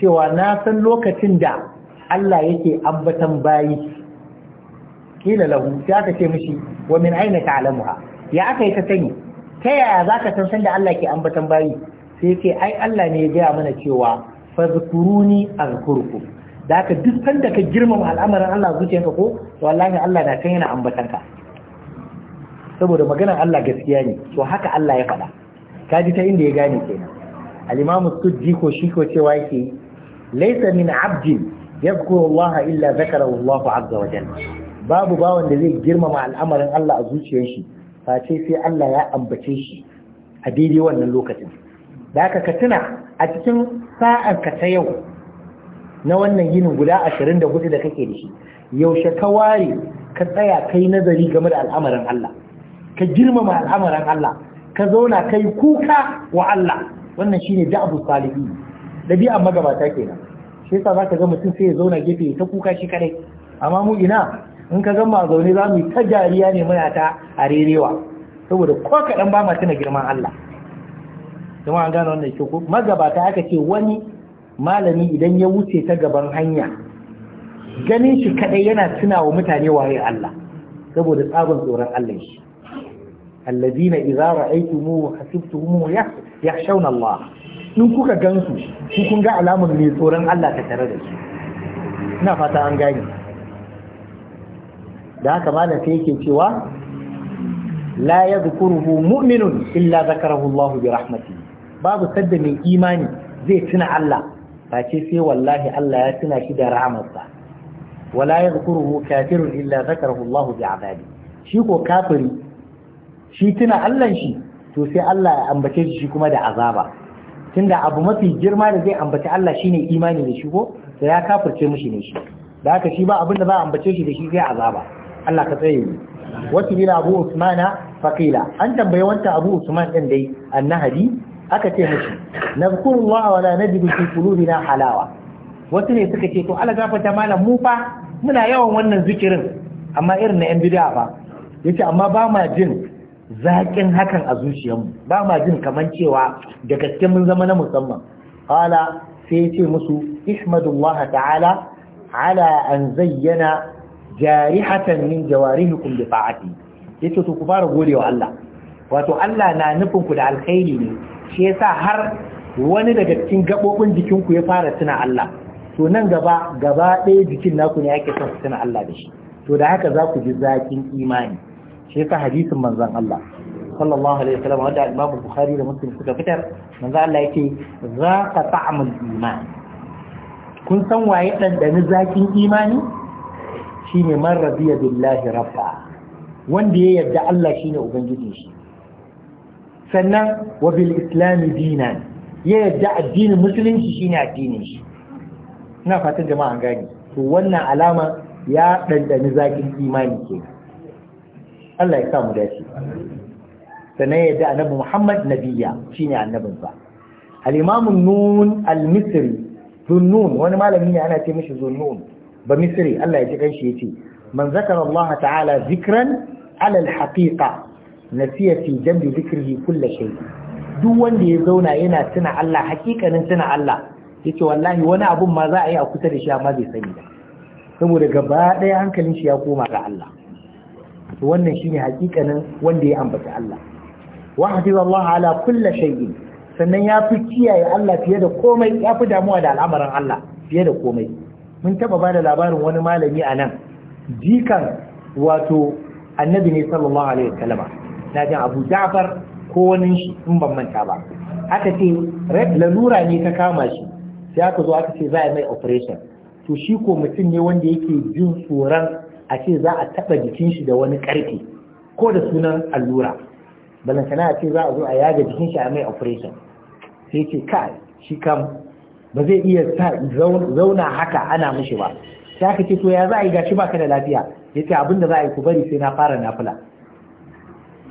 cewa na san lokacin da Allah yake ambatan bayi kila lahu sai aka ce mishi wa min aina ta'lamuha ya aka yi ta sani ta yaya zaka san sanda Allah ke ambatan bayi sai yake ai Allah ne ya gaya mana cewa fazkuruni azkurkum da haka duk sanda ka girmama al'amarin Allah zuciyarka ko wallahi Allah na kan yana ambatan ka saboda maganar Allah gaskiya ne to haka Allah ya faɗa Ka ji ta inda ya gane kenan al-imamu sujji ko shi ko cewa yake laysa min abdin yadhkuru Allah illa zakara Allah azza wa jalla babu bawan da zai girmama al'amarin Allah a zuciyar shi face sai Allah ya ambace shi a daidai wannan lokacin da ka tuna a cikin sa'an ka ta yau na wannan yinin guda 24 da kake da shi yaushe ka ware ka tsaya kai nazari game da al'amarin Allah ka girmama al'amarin Allah ka zauna kai kuka wa Allah wannan shine da'abu salihin dabi'a magabata kenan shi yasa zaka ga mutum sai ya zauna gefe ta kuka shi kadai amma mu ina in ka gama zaune za mu ta jariya ne muna ta a rerewa saboda ko dan ba ma tuna girman Allah kuma an gane wannan shi ko magabata aka ce wani malami idan ya wuce ta gaban hanya ganin shi kadai yana tunawa mutane waye Allah saboda tsabon tsoron Allah shi allazina idza ra'aytumuhu hasibtumuhu yakhshawna Allah in kuka gansu ku kun ga alamar mai tsoron Allah ta tare da su ina fata an gane da haka malam sai yake cewa la yadhkuruhu mu'minun illa zakarahu Allah bi rahmatihi babu sadda mai imani zai tuna Allah face sai wallahi Allah ya tuna shi da rahamarsa wala kafirin kafirun illa zakarahu Allah bi abadi. shi ko kafiri shi tuna Allahn shi to sai Allah ya ambace shi kuma da azaba tunda abu mafi girma da zai ambaci Allah shine imani da shi ko to ya kafirce mushi ne shi da haka shi ba abin da za a ambace shi da shi sai azaba Allah ka tsaye ni wata bila Abu Usmana faqila an tambaye wanta Abu Usman din dai annahadi aka ce mishi nazkurullaha wala najidu fi qulubina halawa wasu ne suka ce to ala gafata malam mu fa muna yawan wannan zikirin amma irin na yan bid'a fa yace amma ba ma jin zaƙin hakan a zuciyarmu ba ma jin kaman cewa da gaske mun zama na musamman qala sai ya ce musu ihmadullah ta'ala ala an zayyana jarihatan min kun bi ta'ati yace to ku fara gode wa Allah wato Allah na nufin ku da alkhairi ne shi yasa har wani daga cikin gabobin jikin ku ya fara tuna Allah to nan gaba gaba ɗaya jikin naku ne ake son tuna Allah da shi to da haka za ku ji zaƙin imani shi hadisin manzon Allah sallallahu alaihi wasallam wanda Imam Bukhari da Muslim suka fitar manzo Allah yake za ka ta'amul iman kun san waye ɗanɗani zakin imani shine man radiya billahi rabba wanda ya yarda Allah shine ubangiji shi sannan wa bil islam dinan ya yarda addinin musulunci shine addinin shi ina fatan jama'a an gane to wannan alama ya dandani zakin imani kenan Allah ya samu dace sannan ya yadda annabi Muhammad nabiya shine annabinsa al-imam nun al-misri zunnun wani malami ne ana ce mishi zunnun ba misri Allah ya ji kanshi yace man zakara Allah ta'ala zikran ala al-haqiqa nasiya fi jambi zikrihi kull shay duk wanda ya zauna yana tuna Allah hakikanin tuna Allah yace wallahi wani abun ma za a yi a kusa da shi amma bai sani ba saboda gaba ɗaya hankalin shi ya koma ga Allah Wannan wannan shine hakikanin wanda ya ambaci Allah wa hafiz Allah ala kulla shay'in sannan ya fi kiyaye Allah fiye da komai ya fi damuwa da al'amarin Allah fiye da komai mun taba bada labarin wani malami a nan jikan wato annabi ne sallallahu alaihi wasallam na jan Abu Ja'far ko wani shi in ban manta ba aka ce red lalura ne ta kama shi sai aka zo aka ce za a mai operation to shi ko mutum ne wanda yake jin tsoron a ce za a taɓa jikin shi da wani ƙarfe ko da sunan allura balantana a ce za a zo a yaga jikin shi a mai operation sai ce ka shi kam ba zai iya zauna haka ana mushi ba sai aka ce to ya za a yi gashi maka da lafiya ya ce abinda za a yi ku bari sai na fara nafula.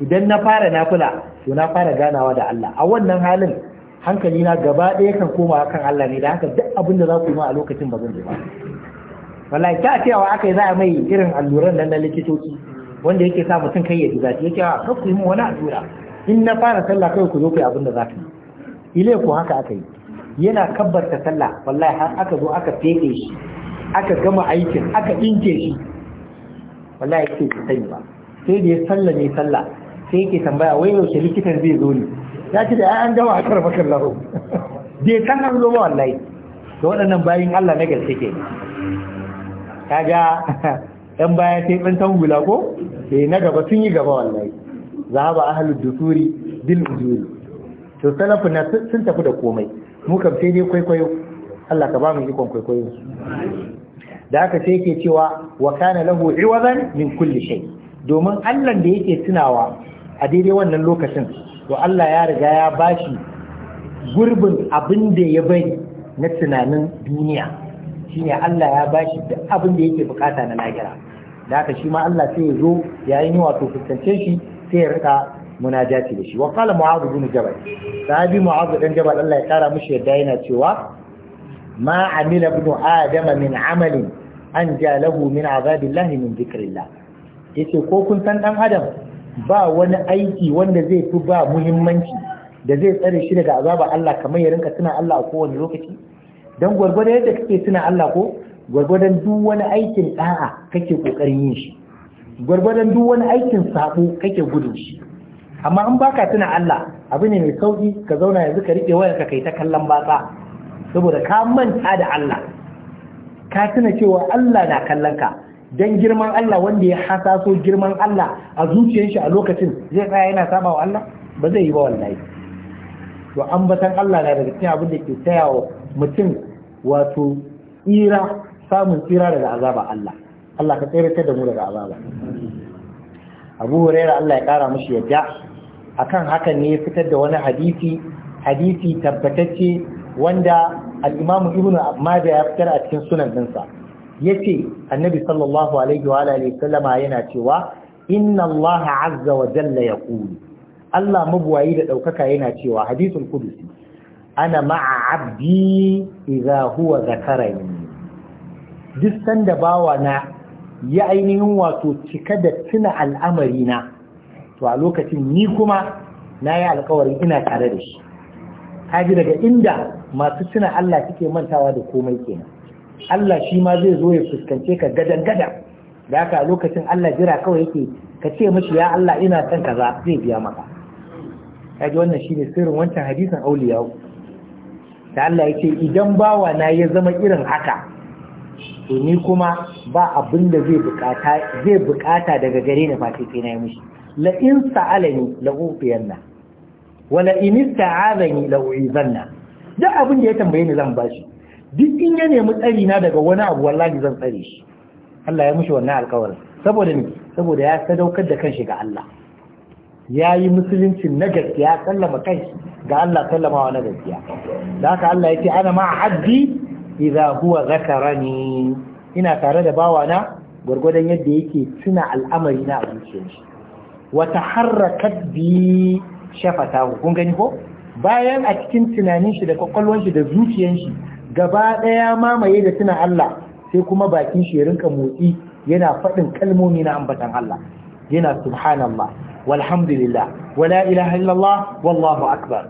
idan na fara nafila to na fara ganawa da Allah a wannan halin hankali na gaba ɗaya kan koma kan Allah ne da haka duk abinda za ku yi ma a lokacin ba zan ba wallahi ta ce wa akai za a mai irin alluran nan na likitoci wanda yake sa mutum kai ya ji zafi yake wa ah, kar ku yi wani allura in na fara sallah kai ku zo kai abin da za ka yi ile ku haka aka yi yana kabbarta sallah wallahi har aka zo aka fefe shi aka gama aikin aka dinke shi wallahi yake ki sani ba sai da ya sallah ne sallah sai yake tambaya wai yaushe likitan zai zo ne ya ce da an gama a karfa kan laro bai san an zo ba wallahi da waɗannan bayin Allah na gaske ke kaga ɗan baya sai tsintan ko eh na gaba sun yi gaba wallahi Za ba a halittu turi bil ujuri to salafu na sun tafi da komai mu kam sai dai kwaikwayo Allah ka ba mu ikon kwaikwayo da aka sai yake cewa wa kana lahu iwazan min kulli shay domin Allah da yake tunawa a daidai wannan lokacin to Allah ya riga ya bashi gurbin abin da ya bai na tunanin duniya shine Allah ya bashi duk abin da yake bukata na lahira da haka shi ma Allah sai ya zo yayin yi wato fuskance shi sai ya rika munajati da shi wa qala mu'adh bin jabal sahabi mu'adh dan jabal Allah ya kara mishi yadda yana cewa ma amila ibn adam min amalin an jalahu min azabillahi min dhikrillah yace ko kun san dan adam ba wani aiki wanda zai fi ba muhimmanci da zai tsare shi daga azabar Allah kamar ya rinka tuna Allah a kowane lokaci don gwargwadon yadda kake tuna Allah ko gwargwadon duk wani aikin da'a kake kokarin yin shi gwargwadon duk wani aikin sabo kake gudun shi amma in baka tuna Allah abu ne mai sauki ka zauna yanzu ka rike ka kai ta kallon batsa saboda ka manta da Allah ka tuna cewa Allah na kallon ka dan girman Allah wanda ya hasaso girman Allah a zuciyar shi a lokacin zai tsaya yana sabawa Allah ba zai yi ba wallahi to ambatan Allah na daga cikin abin da ke wa mutum wato tsira samun tsira daga azaba Allah Allah ka tsirata da mu daga azaba Abu Huraira Allah ya kara mushi yadda akan hakan ne fitar da wani hadisi hadisi tabbatacce wanda al-Imam Ibn Majah ya fitar a cikin sunan dinsa yace Annabi sallallahu alaihi wa alihi sallama yana cewa inna Allah azza wa jalla yaqulu Allah mabuwayi da daukaka yana cewa hadisul qudusi ana ma'a abdi idza huwa zakarani duk sanda bawa na ya ainihin wato cika da tuna al'amari na to a lokacin ni kuma na yi alkawarin ina tare da shi kaji daga inda masu tuna Allah suke mantawa da komai kenan Allah shi ma zai zo ya fuskance ka gadangada, da haka a lokacin Allah jira kawai yake ka ce mashi ya Allah ina son kaza zai biya maka kaji wannan shine sirrin wancan hadisin auliyau da Allah ya ce idan bawa na ya zama irin haka to ni kuma ba abin da zai bukata zai bukata daga gare ni face sai na yi mishi la in sa'alani la ufiyanna wa in ista'azani la uizanna duk abin da ya tambaye ni zan shi duk in ya nemi tsari na daga wani abu wallahi zan tsare shi Allah ya mishi wannan alƙawarin saboda ni saboda ya sadaukar da kanshi ga Allah ya yi musuluncin na gaskiya sallama kai ga Allah sallamawa na gaskiya da haka Allah ya ce ana ma haddi idza huwa zakarani ina tare da bawana gwargwadon yadda yake tuna al'amari na abincin shi wata bi shafata kun gani ko bayan a cikin tunanin shi da kwakwalwar shi da zuciyar shi gaba daya mamaye da tuna Allah sai kuma bakin shi ya rinka motsi yana faɗin kalmomi na ambatan Allah yana subhanallah walhamdulillah wala ilaha illallah wallahu akbar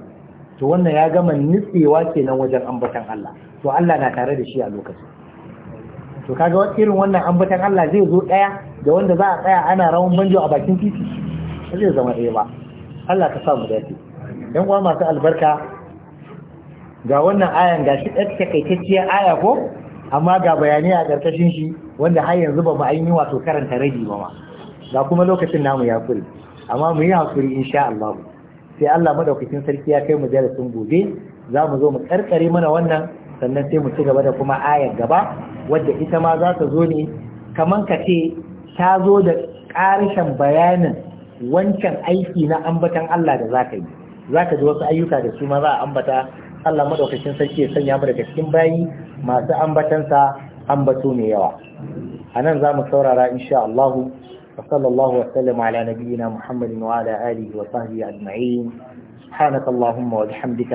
to wannan ya gama nitsewa kenan wajen ambatan Allah to Allah na tare da shi a lokacin to kaga irin wannan ambatan Allah zai zo daya da wanda za a tsaya ana rawan banjo a bakin titi zai zama ba Allah ka sa mu dace dan uwa masu albarka ga wannan ayan gashi ɗan takaitacciyar aya ko amma ga bayanai a ƙarƙashin shi wanda har yanzu ba mu ainihi wato karanta ragi ba ma ga kuma lokacin namu ya kure amma mu yi hakuri insha Allah sai Allah madaukakin sarki ya kai mu darasin gobe za mu zo mu karkare mana wannan sannan sai mu ci gaba da kuma ayar gaba wadda ita ma za ta zo ne kaman ka ce ta zo da ƙarshen bayanin wancan aiki na ambatan Allah da za ka yi za ka ji wasu ayyuka da su ma za a ambata Allah madaukakin sarki ya sanya mu daga cikin bayi masu ambatansa ambato mai yawa a nan za mu saurara insha Allah وصلى الله وسلم على نبينا محمد وعلى آله وصحبه أجمعين سبحانك اللهم وبحمدك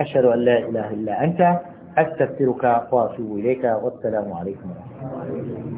أشهد أن لا إله إلا أنت أستغفرك وأتوب إليك والسلام عليكم ورحمة الله